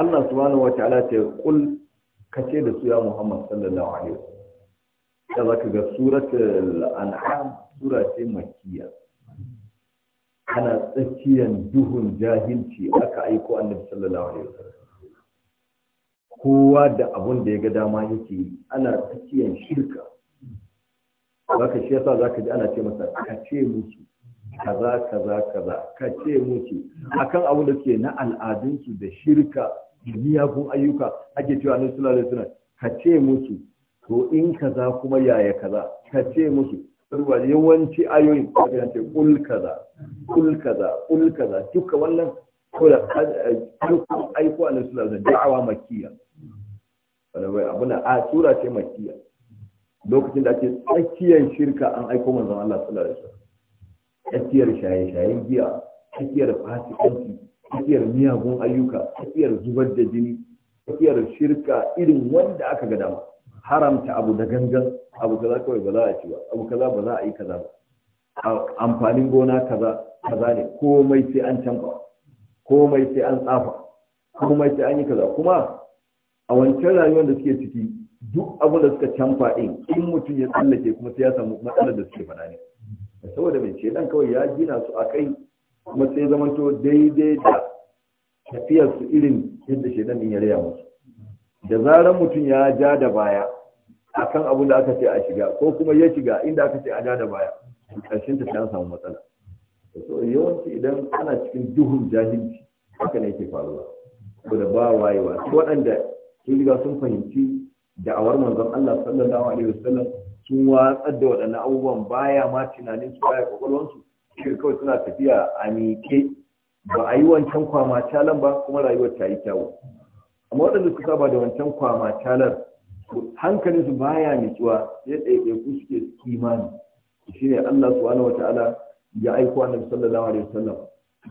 A: الله سبحانه وتعالى يقول كثير يا محمد صلى الله عليه وسلم كذلك سورة الأنعام سورة مكية ana tsakiyar duhun jahilci aka aiko annabi sallallahu alaihi wasallam kowa da abun da ya ga dama yake ana tsakiyar shirka zaka shi yasa zaka ji ana ce masa ka ce musu kaza kaza kaza ka ce musu akan abun da ke na al'adunsu da shirka da miyagun ayyuka ake cewa annabi sallallahu alaihi wasallam ka ce musu to in kaza kuma yaya kaza ka ce musu ruwa yawanci ayoyin da ya ce kul kaza kul kaza duka wannan ko da aiko aiko a nasu da da'awa makiya abuna a tura ce makiya lokacin da ake tsakiyar shirka an aiko manzan Allah sallallahu alaihi wasallam tsakiyar shaye shayen giya tsakiyar fasikanci tsakiyar miyagun ayyuka tsakiyar zubar da jini tsakiyar shirka irin wanda aka ga dama haramta abu da gangan abu kaza kawai ba za a ci ba abu kaza ba za a yi kaza ba amfanin gona kaza kaza ne komai sai an canfa komai sai an tsafa komai sai an yi kaza kuma a wancan rayuwar da suke ciki duk abun da suka canfa din in mutum ya tsallake kuma sai ya samu matsalar da suke faɗa ne saboda mai ce dan kawai ya gina su a kai kuma sai zamanto daidai da tafiyarsu irin yadda shedan din ya raya musu da zarar mutum ya ja da baya kan abin da aka ce a shiga ko kuma ya shiga inda aka ce a ja da baya ƙarshen ta an samu matsala so yawanci idan ana cikin duhun jahilci haka ne yake faruwa ko da ba wayewa waɗanda sun riga sun fahimci da'awar manzon Allah sallallahu alaihi wasallam sun watsar da waɗannan abubuwan baya ma tunanin su baya kwakwalwansu shi kawai suna tafiya a miƙe ba a yi wancan kwama calan ba kuma rayuwar ta yi kyawu amma waɗanda suka saba da wancan kwama talar hankalin su baya nutsuwa sai ɗaiɗai ku suke imani shine Allah subhanahu wataala ya aiko annabi sallallahu alaihi wasallam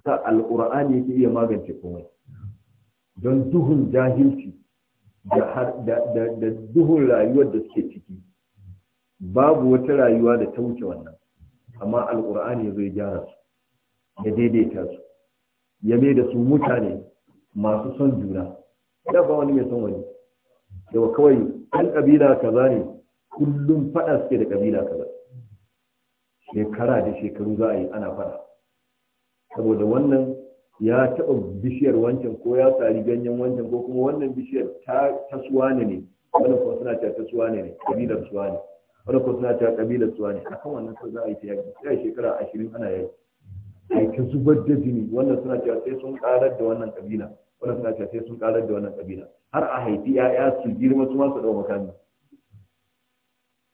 A: ta alqur'ani yake iya magance komai don duhun jahilci da duhun rayuwar da suke ciki babu wata rayuwa da ta wuce wannan amma alkur'ani ya zo ya gyara su ya daidaita su ya mai da su mutane masu son juna da ba wani mai son wani yawa kawai ɗan ƙabila kaza ne kullum faɗa suke da ƙabila kaza shekara da shekaru za a yi ana faɗa saboda wannan ya taɓa bishiyar wancan ko ya tari ganyen wancan ko kuma wannan bishiyar ta suwane ne wani kuma suna cewa ta ne ne ƙabilar ne. wani kuma suna cewa ƙabilar suwane akan wannan sai za a yi ta yaƙi sai shekara ashirin ana yaƙi ai ta zubar da jini wannan suna cewa sai sun ƙarar da wannan ƙabila wannan suna sai sun karar da wannan kabila har a haifi 'ya'ya su girma su masu su makami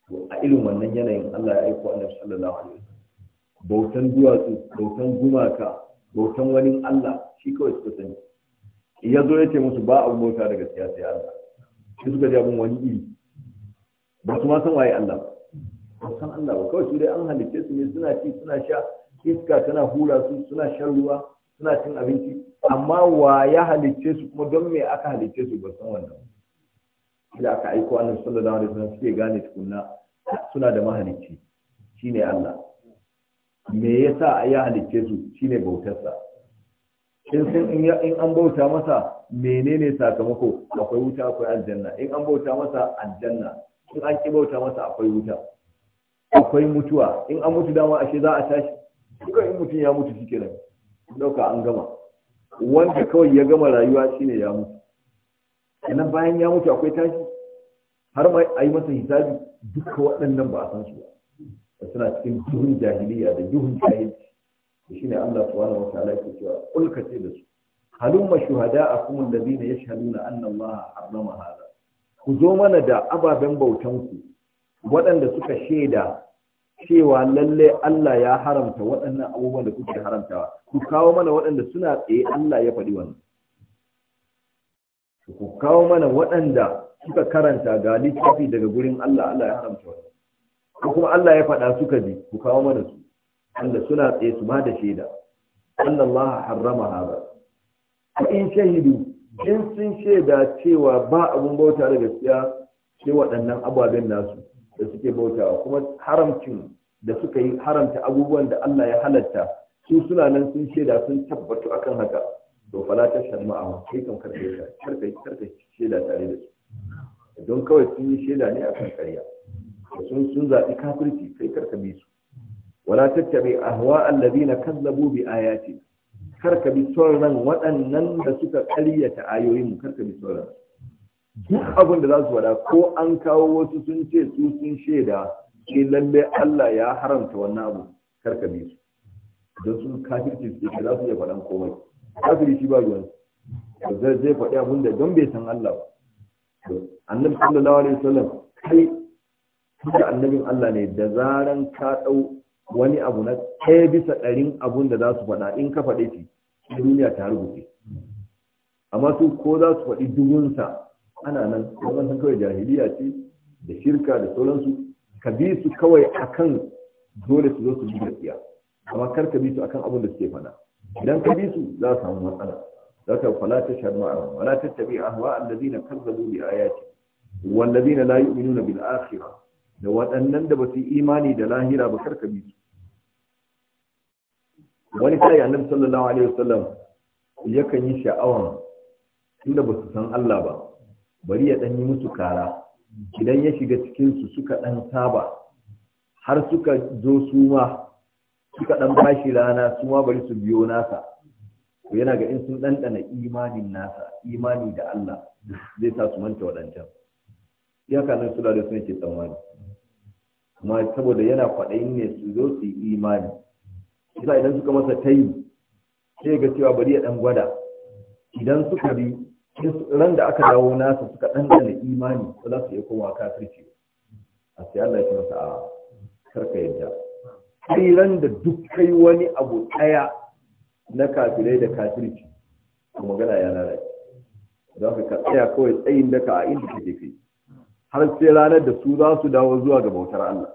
A: to a irin wannan yanayin Allah ya aiko Annabi sallallahu alaihi wasallam bautan duwatsu bautan gumaka bautan wani Allah shi kawai suka sani ya zo ya ce musu ba abu bauta daga siyasa sai Allah Shi suka ji abin wani iri ba su ma san waye Allah ba san Allah ba kawai su dai an halitta su ne suna ci suna sha iska tana hura su suna shan ruwa suna cin abinci amma wa ya halicce su kuma don me aka halicce su ba san wannan da aka aiko annabi sallallahu alaihi wasallam suke gane tukunna suna da mahalicci shine Allah me yasa ya halicce su shine bautarsa in sun in an bauta masa menene sakamako akwai wuta akwai aljanna in an bauta masa aljanna in an ki bauta masa akwai wuta akwai mutuwa in an mutu dama ashe za a tashi duka in mutum ya mutu shikenan ɗauka an gama wanda kawai ya gama rayuwa shine ya mutu Ina bayan ya mutu akwai tashi har ma a yi masa hisabi duka waɗannan ba a san su ba suna cikin duhun jahiliya da duhun jahilci shi ne Allah subhanahu wa ta'ala yake cewa ulka ce da su halumma shuhada'akum alladhina yashhaduna anna Allah harrama hada ku zo mana da ababen bautanku waɗanda suka shaida cewa lalle Allah ya haramta waɗannan abubuwan da kuke haramtawa ku kawo mana waɗanda suna tsaye Allah ya faɗi wannan ku kawo mana waɗanda suka karanta ga littafi daga gurin Allah Allah ya haramta wannan ko kuma Allah ya faɗa suka ji ku kawo mana su Allah suna tsaye su ba da shaida Allah harrama hada in shahidu in sun shaida cewa ba abun bauta da gaskiya sai waɗannan ababen nasu da suke bautawa kuma haramcin da suka yi haramta abubuwan da Allah ya halatta su suna nan sun shaida sun tabbatu akan haka to fala ta sharma a kai kan karfe ta karfe karfe shaida tare da su don kawai sun yi shaida ne akan ƙarya sun sun zaɓi kafirci kai karka bi su wala tattabi ahwa alladhina kazzabu bi ayati karka bi sauran waɗannan da suka ƙaryata ayoyin karka bi son duk abin da za su wada ko an kawo wasu sun ce su sun shaida ke lalle Allah ya haramta wannan abu karka bi su don sun kafirci su ke za su iya faɗan komai kafiri shi ba ruwan zai zai faɗi abin da don bai san Allah ba annabi sallallahu alaihi wasallam kai da annabin Allah ne da zaran ka ɗau wani abu na ɗaya bisa ɗarin abun da za su faɗa in ka faɗe shi duniya ta rubuce amma su ko za su faɗi dubunsa ana nan zaman san kawai jahiliya ce da shirka da sauransu ka bi su kawai akan dole su zo su bi gaskiya amma kar ka bi su akan abin da suke fada idan ka bi su za su samu matsala za ka fala ta sharma a wala ta tabi ahwa allazina kazzabu bi ayati wallazina la yu'minuna bil akhirah da waɗannan da ba su imani da lahira ba kar ka bi su wani kai annab sallallahu alaihi wasallam yakan yi sha'awan inda ba su san Allah ba bari ya ɗan yi musu kara idan ya shiga cikinsu suka ɗan saba har suka zo su ma suka ɗan bashi rana su ma bari su biyo nasa ko yana ga in sun ɗanɗana imanin nasa imani da Allah zai sa su manta waɗancan iyaka nan suna da sun ke tsammani kuma saboda yana kwaɗayin ne su zo su yi imani idan suka masa tayi sai ga cewa bari ya ɗan gwada idan suka bi ran da aka dawo nasa suka ɗanɗana imani ba za su iya kowa kafirci a sai Allah ya masa a karka yadda sai ran da duk kai wani abu ɗaya na kafirai da kafirci kuma gana ya lalace za ka ka tsaya kawai tsayin daka a inda kake kai har sai ranar da su za su dawo zuwa ga bautar Allah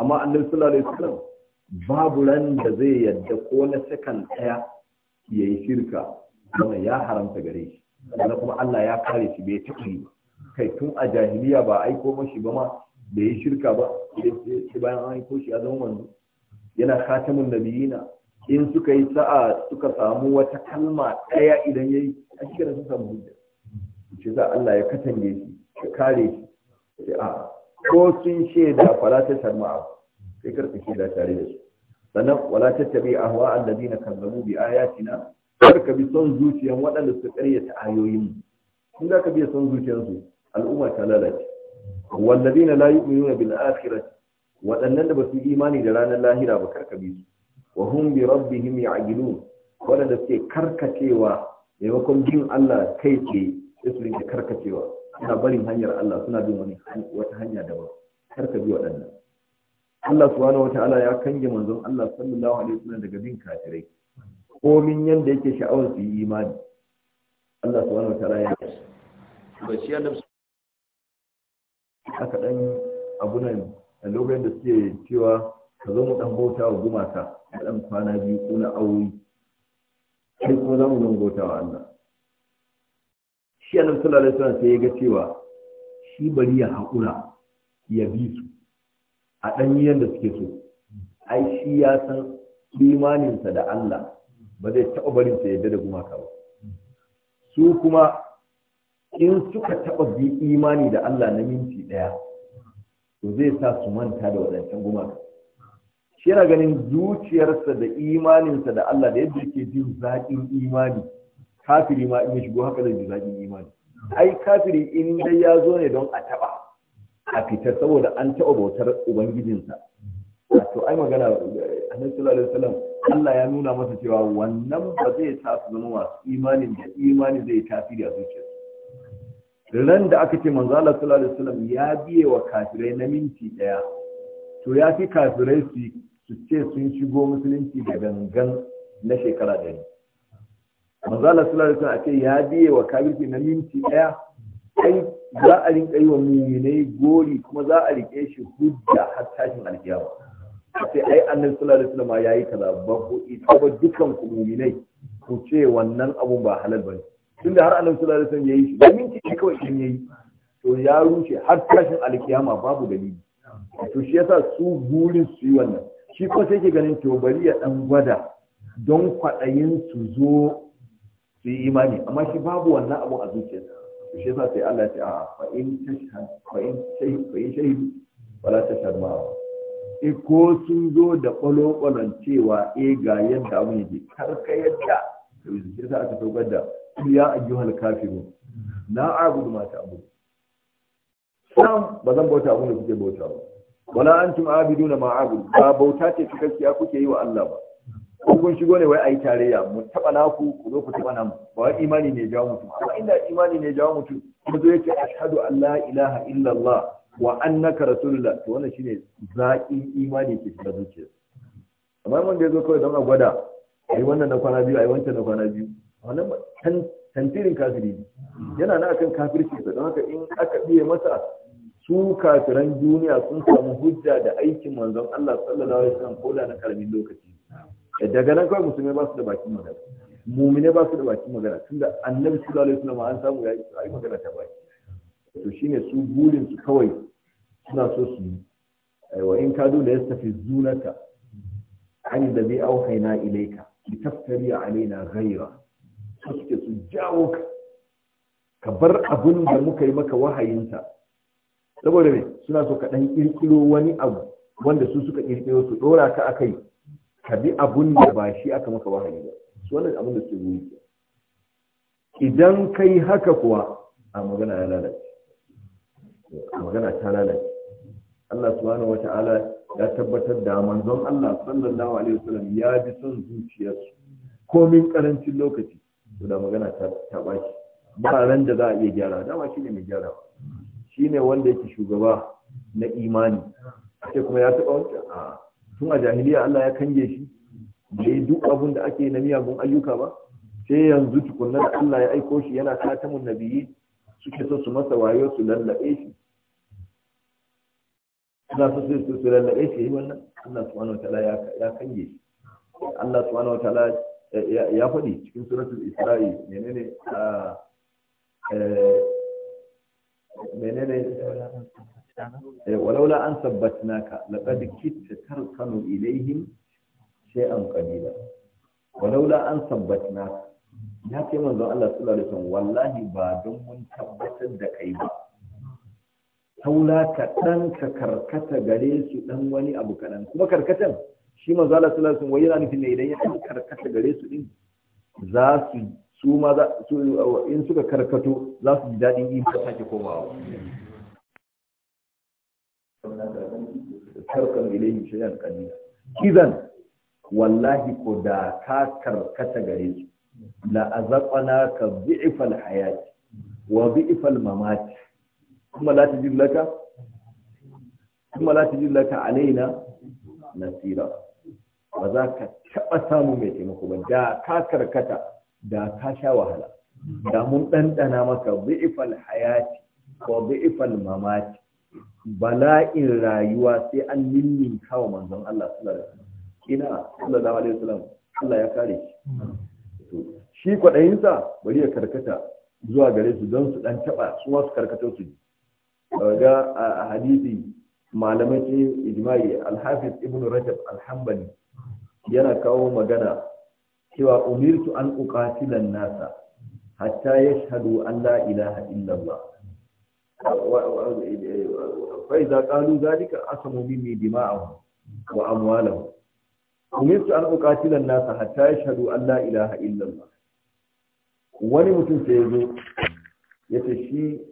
A: amma annabi sallallahu alaihi wasallam babu ran da zai yadda ko na sakan ɗaya ya shirka kuma ya haramta gare shi sannan kuma Allah ya kare shi bai taɓa yi kai tun a jahiliya ba a aiko mashi ba ma bai yi shirka ba sai bayan an aiko shi ya zama manzo yana khatamun nabiyina in suka yi sa'a suka samu wata kalma ɗaya idan yayi a cikin su samu hujja shi za Allah ya katange shi ya kare shi sai a ko sun shaida fara ta sharma sai karka shaida tare da su sannan wala tattabi ahwa alladina kazzabu bi ayatina kar ka bi son zuciyan waɗanda suka karyata ayoyin in za ka biya son zuciyarsu al'umma ta lalace walladina la yu'minuna bil akhirati waɗannan da ba su imani da ranar lahira ba kar ka bi su wa hum bi rabbihim ya'dilun waɗanda suke karkacewa maimakon bin Allah kai tsaye sai su rinka karkacewa suna barin hanyar Allah suna bin wani wata hanya daban kar ka bi waɗannan Allah subhanahu ya kange manzon Allah sallallahu alaihi wasallam daga bin kafirai komin yadda yake sha'awar su yi imani Allah ya yi ba shi aka abu nan a lokacin da suke cewa ka zo mu bauta wa gumaka da kwana biyu ko na sai kuma za mu zo bauta wa Allah shi sai ya ga cewa shi bari ya haƙura ya bi su a ɗanyen da suke so ai shi ya san imaninsa da Allah ba zai taɓa barin ta yadda da gumaka ba su kuma in suka taɓa bi imani da Allah na minti ɗaya to zai sa su manta da waɗancan gumaka shi yana ganin zuciyarsa da imaninsa da Allah da yadda yake jin zaƙin imani kafiri ma in shigo haka zai ji zaƙin imani ai kafiri in dai ya zo ne don a taɓa a fita saboda an taɓa bautar ubangijinsa to ai magana eh, annabi sallallahu alaihi wasallam Allah ya nuna masa cewa wannan ba zai sa su zama masu imanin da imani zai tasiri a zuciya. ran da aka ce manzo Allah sallallahu alaihi wasallam ya biye wa kafirai na minti daya to ya fi kafirai su su ce sun shigo musulunci da gangan na shekara ɗaya. manzo Allah sallallahu alaihi wasallam ya biye wa kafirai na minti daya kai za a rinka yi wa muminai gori kuma za a rike shi hujja har tashin alkiyama sai ai annabi sallallahu alaihi wasallam yayi kaza ba ku ita ba dukan ku mu'minai ku ce wannan abun ba halal bane tunda har annabi sallallahu alaihi wasallam yayi shi domin ki kawai in yayi to ya rushe har tashin alkiyama babu dalili to shi yasa su burin su yi wannan shi ko sai ke ganin to bari ya dan gwada don kwadayin su zo su yi imani amma shi babu wannan abun a zuciyarsa shi yasa sai Allah ya ce a fa in tashhad fa in shahidu wala tashhad ma'a E, ko sun zo da kwalokwalon cewa e ga yadda abin yake karka yadda da sa aka saukar da ya ayyuhal kafiru na abudu ta abudu sam ba zan bauta abu da kuke bauta ba wala antum abiduna ma abudu ba bauta ce cikakkiya kuke yi wa Allah ba ko kun shigo ne wai a yi tarayya mu taba naku ku zo ku taba nan ba wai imani ne jawo mutum amma inda imani ne jawo mutum kuma zo yake ashhadu an la ilaha illallah wa annaka rasulullah to wannan shine zaki imani ke shiga zuciya amma wanda ya zo kawai don a gwada ai wannan na kwana biyu ai wancan na kwana biyu wannan tantirin kafiri ne yana na akan kafirci sa don haka in aka biye masa su kafiran duniya sun samu hujja da aikin manzon Allah sallallahu alaihi wasallam ko da na karamin lokaci daga nan kawai musulmai ba su da bakin magana mumine ba su da bakin magana tunda annabi sallallahu alaihi wasallam an samu ya yi magana ta baki shine su burin su kawai suna so su yi aiwa eh, in ka kadu da zunaka ani da bi auhayna ilayka litaftari alaina gaira. su suke su jawo ka ka bar abin da muka yi maka wahayinta saboda ne suna so ka dan kirkiro wani abu wanda su suka kirkiro su dora ka akai ka bi abun da ba shi aka maka wahayi ba su wannan abin da suke yi idan kai haka kuwa a magana ya lalace magana ta lalace Allah subhanahu wata'ala ya tabbatar da manzon Allah sallallahu alaihi wasallam ya bi son zuciyarsu komin karancin lokaci to da magana ta ta baki ba ran da za a iya gyara dama shine mai gyara shine wanda yake shugaba na imani ake kuma ya taba wuce? a tun a jahiliya Allah ya kange shi bai duk abun da ake na miyagun ayyuka ba sai yanzu tukunna da Allah ya aiko shi yana katamun nabiyyi suke so su masa wayo su lallabe shi suna su sai su ake yi wannan Allah subhanahu wataala ya kange shi Allah subhanahu wataala ya faɗi cikin suratul isra'i menene eh, menene eh, walaula an sabbatnaka laqad kitta tarkanu ilaihim shay'an qalila walaula an sabbatnaka ya ce manzon Allah sallallahu alaihi wasallam wallahi ba don mun tabbatar da kai ba taula kaɗan ka karkata gare su ɗan wani abu kaɗan kuma karkatan shi manzo Allah sallallahu alaihi wasallam yana nufin idan ya ɗan karkata gare su din za su su ma za su in suka karkato za su ji daɗin yi ba sake komawa karkan ilayhi shay'an qalil idan wallahi ko da ka karkata gare su la azaqana ka bi'fal hayat wa bi'fal mamat kuma la ta laka kuma alaina nasira ba za ka taɓa samu mai taimako ba da ka karkata da ka sha wahala da mun ɗanɗana maka bi'ifal hayati ko bi'ifal mamaki bala'in rayuwa sai an nimmin kawo manzon Allah alaihi ina sallallahu alaihi wasallam Allah ya kare shi shi kwaɗayinsa bari ya karkata zuwa gare su don su ɗan taɓa su masu karkatar su ga a hadisi malamai sun ijma'i alhafiz ibn rajab alhambali yana kawo magana cewa umirtu an uqatilan nasa hatta yashhadu an la ilaha illallah fa idza qalu zalika asamu minni dima'ahum wa amwalahum umirtu an uqatilan nasa hatta yashhadu an la ilaha illallah wani mutum sai ya zo yace shi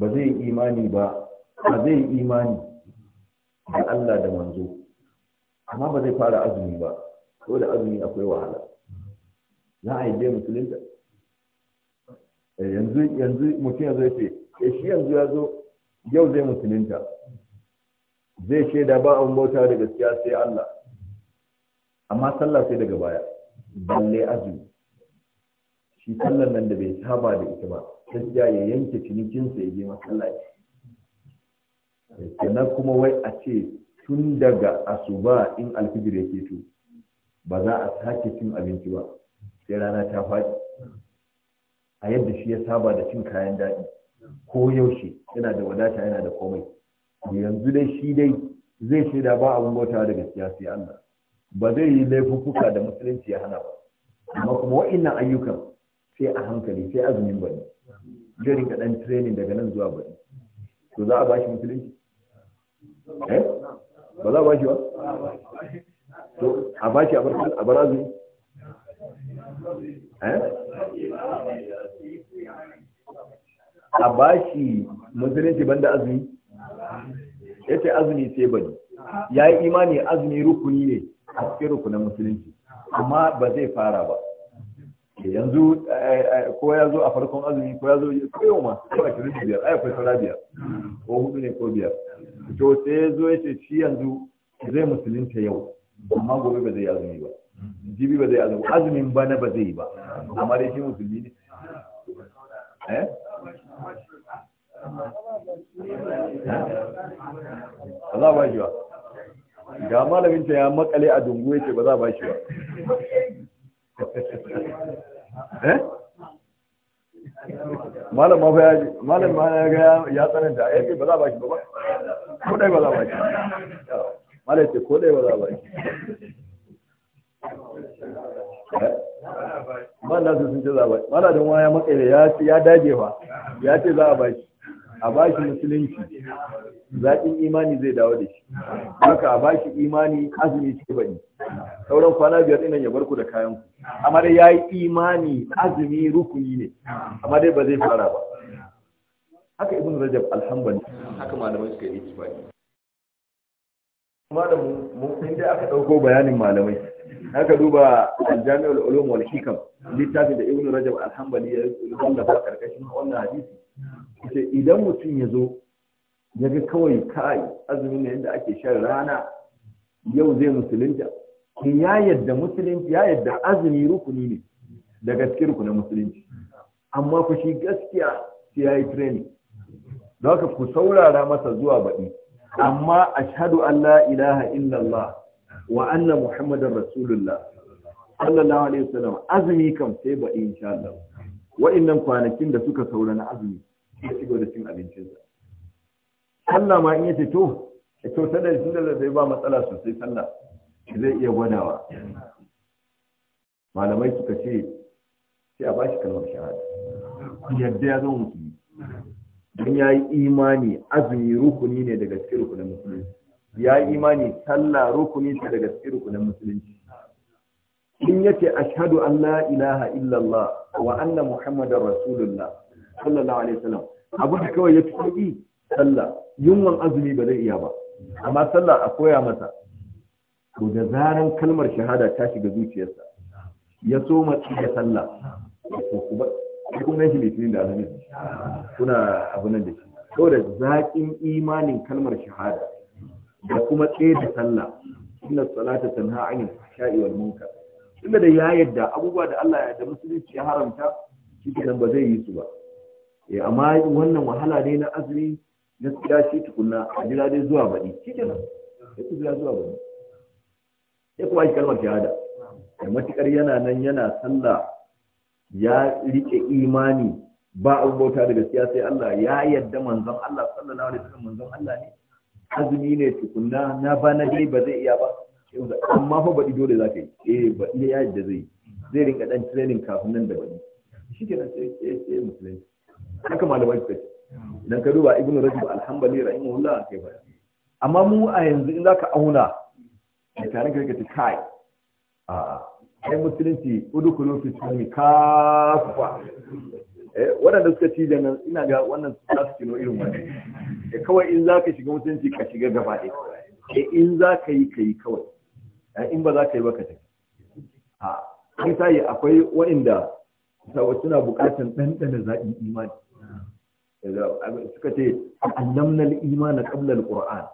A: ba zai imani ba ba zai imani da Allah da manzo amma ba zai fara azumi ba ko da azumi akwai wahala za a yi dai musulunta eh, yanzu yanzu mutum ya zo ce eh, shi yanzu ya zo yau zai musulunta zai shaida ba an bauta da gaskiya sai Allah amma sallah sai daga baya balle azumi shi sallan nan da bai saba da ita ba gaskiya ya yanke cinikinsa ya je masallaci sannan kuma wai a ce tun daga asuba in alfijir ya keto ba za a sake cin abinci ba sai rana ta faɗi a yadda shi ya saba da cin kayan daɗi ko yaushe yana da wadata yana da komai yanzu dai shi dai zai shaida ba abin bautawa da siyasi sai Allah ba zai yi laifuffuka da musulunci ya hana ba amma kuma wa'innan ayyukan sai a hankali sai azumin bane zai rinka dan training daga nan zuwa baɗi to za a ba shi musulunci eh ba za a ba shi ba to a ba shi a bar azumi eh a ba shi musulunci banda azumi ya ce azumi sai bari ya yi imani azumi rukuni ne a cikin rukunin musulunci amma ba zai fara ba yanzu eh, eh, ko ya zo a farkon azumi ko ya zo ko yau ma ko a kirin biyar ai akwai saura biyar ko hudu ne ko biyar to sai ya zo ya ce shi yanzu zai musulunta yau amma gobe ba zai yi azumi ba jibi ba zai azumi azumin bana ba zai yi ba amma dai shi musulmi ne eh Allah ba shi ba ga malamin ta ya makale a dungu yake ba za ba shi ba eh ya malam ma ya ga ya eh, ko dai ba za ba shi malam ce ko dai ba za eh? ba shi malam sun ce za ba malam dan waya ya ya dage fa ya ce za a ba shi a bashi musulunci zaƙin imani zai dawo da shi haka a bashi imani azumi ce bane sauran kwana biyar ɗinan ya barku da kayan ku amma dai yayi imani azumi rukuni ne amma dai ba zai fara ba haka ibn rajab alhamban haka malamai suka yi ittifaqi malamin mun dai aka ɗauko bayanin malamai haka duba aljami'ul ulum wal hikam littafin da ibnu rajab al-hanbali ya da karkashin wannan hadisi yace idan mutum ya zo ya ga kawai kai azumin ne yadda ake shan rana yau zai musulunta in ya yadda musulunci ya yadda azumi rukuni ne da gaske na musulunci amma ku shi gaskiya sai ya yi training don haka ku saurara masa zuwa baɗi amma ashhadu an la ilaha illallah wa anna muhammadar rasulullah sallallahu alaihi wasallam azumi kam sai baɗi insha Allah wa'annan kwanakin da suka saura na azumi sai shigo da cin abincin abincinsa Allah ma in yace to ya to sallah da sallah zai ba matsala sosai sallah zai iya gwadawa malamai suka ce sai a bashi kalmar shahada yadda ya zama musulmi don ya yi imani azumi rukuni ne daga cikin rukunin musulunci. ya yi imani sallah rukuni ta daga cikin rukunin musulunci in yace ashhadu an la ilaha illallah wa anna muhammadar rasulullah sallallahu alaihi wasallam abu da kawai ya tuki sallah yunwan azumi ba zai iya ba amma sallah a koya masa to da zaran kalmar shahada ta shiga zuciyarsa ya so matsi da sallah Kuma gan shi litinin da azumi kuna abu nan da shi da zaƙin imanin kalmar shahada da kuma tsaye da sallah inna salata tanha al fahsha'i wal munkar inda da ya yadda abubuwa da Allah ya da musulunci ya haramta shi kenan ba zai yi su ba eh amma wannan wahala ne na azumi gaskiya shi tukunna a jira dai zuwa baɗi shi kenan ya ku jira zuwa baɗi ya kuma shi kalmar shahada da matukar yana nan yana sallah ya rike imani ba abubuwa da gaskiya sai Allah ya yadda manzon Allah sallallahu alaihi wasallam manzon Allah ne azumi ne tukunna na ba na dai ba zai iya ba amma fa baɗi dole za ka yi eh ba iya yadda zai zai rinka dan training kafin nan da baɗi shi ke nan sai sai musulunci haka malamai suka ce dan ka duba ibnu rajab alhambali rahimahullah kai ba amma mu a yanzu in zaka auna da tarin ka kace kai a kai musulunci udukulu fi sunni kafa Eh, waɗanda suka ci da nan ina ga wannan za su kino irin wani eh, kawai in za ka shiga mutunci ka shiga gaba ɗaya eh, in za ka yi ka yi kawai in ba za ka yi ba ka tafi a an tayi akwai waɗanda sawa suna buƙatar ɗanɗana zaɓin imani suka ce annamnal imana qabla alquran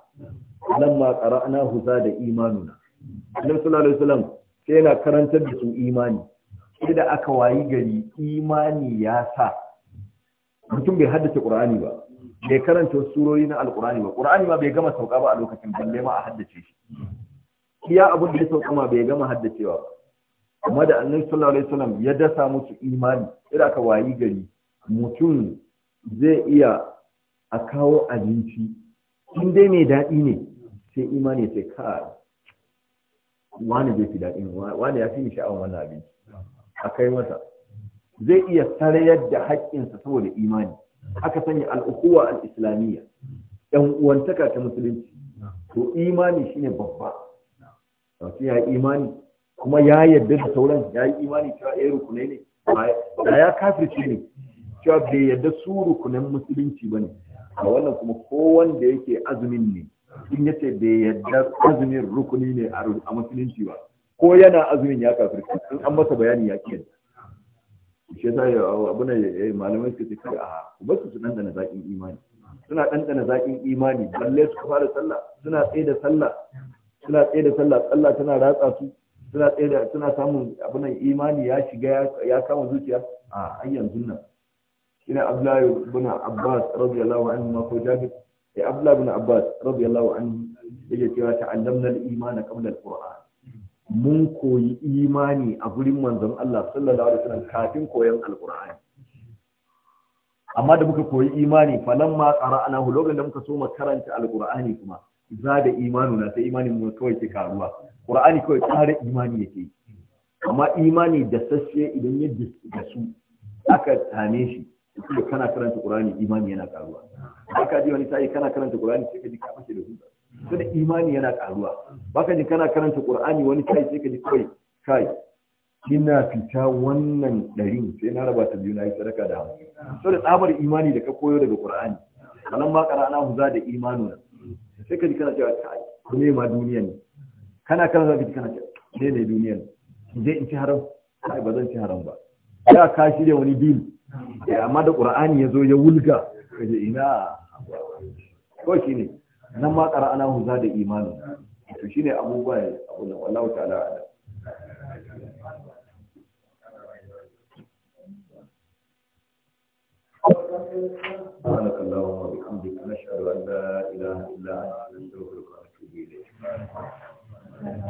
A: lamma qara'nahu zada imanuna annabi sallallahu alaihi wasallam sai yana karantar da su imani sai da aka wayi gari imani ya sa mutum bai haddace ƙur'ani ba bai karanta surori na Alƙur'ani ba Ƙur'ani ma bai gama sauka ba a lokacin balle ma a haddace shi iya abin da ya sauka ma bai gama haddacewa ba amma da annabi sallallahu alaihi wasallam ya dasa musu imani idan aka wayi gari mutum zai iya a kawo abinci in dai mai daɗi ne sai imani sai ka wani zai fi daɗi wani ya fi sha'awar wannan abinci a kai masa zai iya sarayar da haƙƙinsa saboda imani aka sanya al'ukuwa al'islamiyya yan uwantaka ta musulunci to imani shine babba wasu ya imani kuma ya yarda da sauran ya yi imani cewa ya eh, rukunai ne da ya shi ne cewa bai yarda su rukunan musulunci ba ne a wannan kuma kowanda yake azumin ne in yace bai yarda azumin rukuni ne a musulunci ba ko yana azumin ya kafirci in an masa bayani ya kiyar shi yasa abu ne malamai suka ce a ba su dandana zaƙin imani suna dandana zaƙin imani balle su fara sallah suna tsaye da sallah suna tsaye da sallah sallah tana ratsa su suna tsaye da suna samun abu nan imani ya shiga ya kama zuciya a ai yanzu nan ina Abdullahi ibn Abbas radiyallahu anhu ma ko Jabir ya eh, Abdullahi ibn Abbas radiyallahu anhu yake cewa ta'allamna al-iman qabla al-Qur'an mun koyi imani a gurin manzon Allah sallallahu alaihi wasallam kafin koyon alqur'ani amma da muka koyi imani falamma qara'ana hu lokacin da muka so mu karanta alqur'ani kuma da imanu na sai imanin mu kawai ke karuwa qur'ani kawai kare imani yake amma imani da sashe idan ya su aka tame shi kana karanta qur'ani imani yana karuwa aka ji wani sai kana karanta qur'ani sai ka ji ka fashe da hujja sai imani yana karuwa baka ji kana karanta qur'ani wani kai sai ka ji kai kai kina fita wannan ɗarin sai na raba ta biyu na yi sadaka da hannu so da tsabar imani da ka koyo daga qur'ani kana ma kara ana huza da imanu na sai ka ji kana cewa kai ne ma duniya ne kana kana zaka ji kana cewa ne ne duniya ne je in ci haram kai ba zan ci haram ba ya ka shirya wani din amma da qur'ani ya zo ya wulga kaje ina ko shine nan ma ƙara ana huza da imanin to shi ne abubuwa ya abu da wallahu ta'ala ala سبحانك اللهم وبحمدك نشهد ان لا اله الا انت نستغفرك ونتوب اليك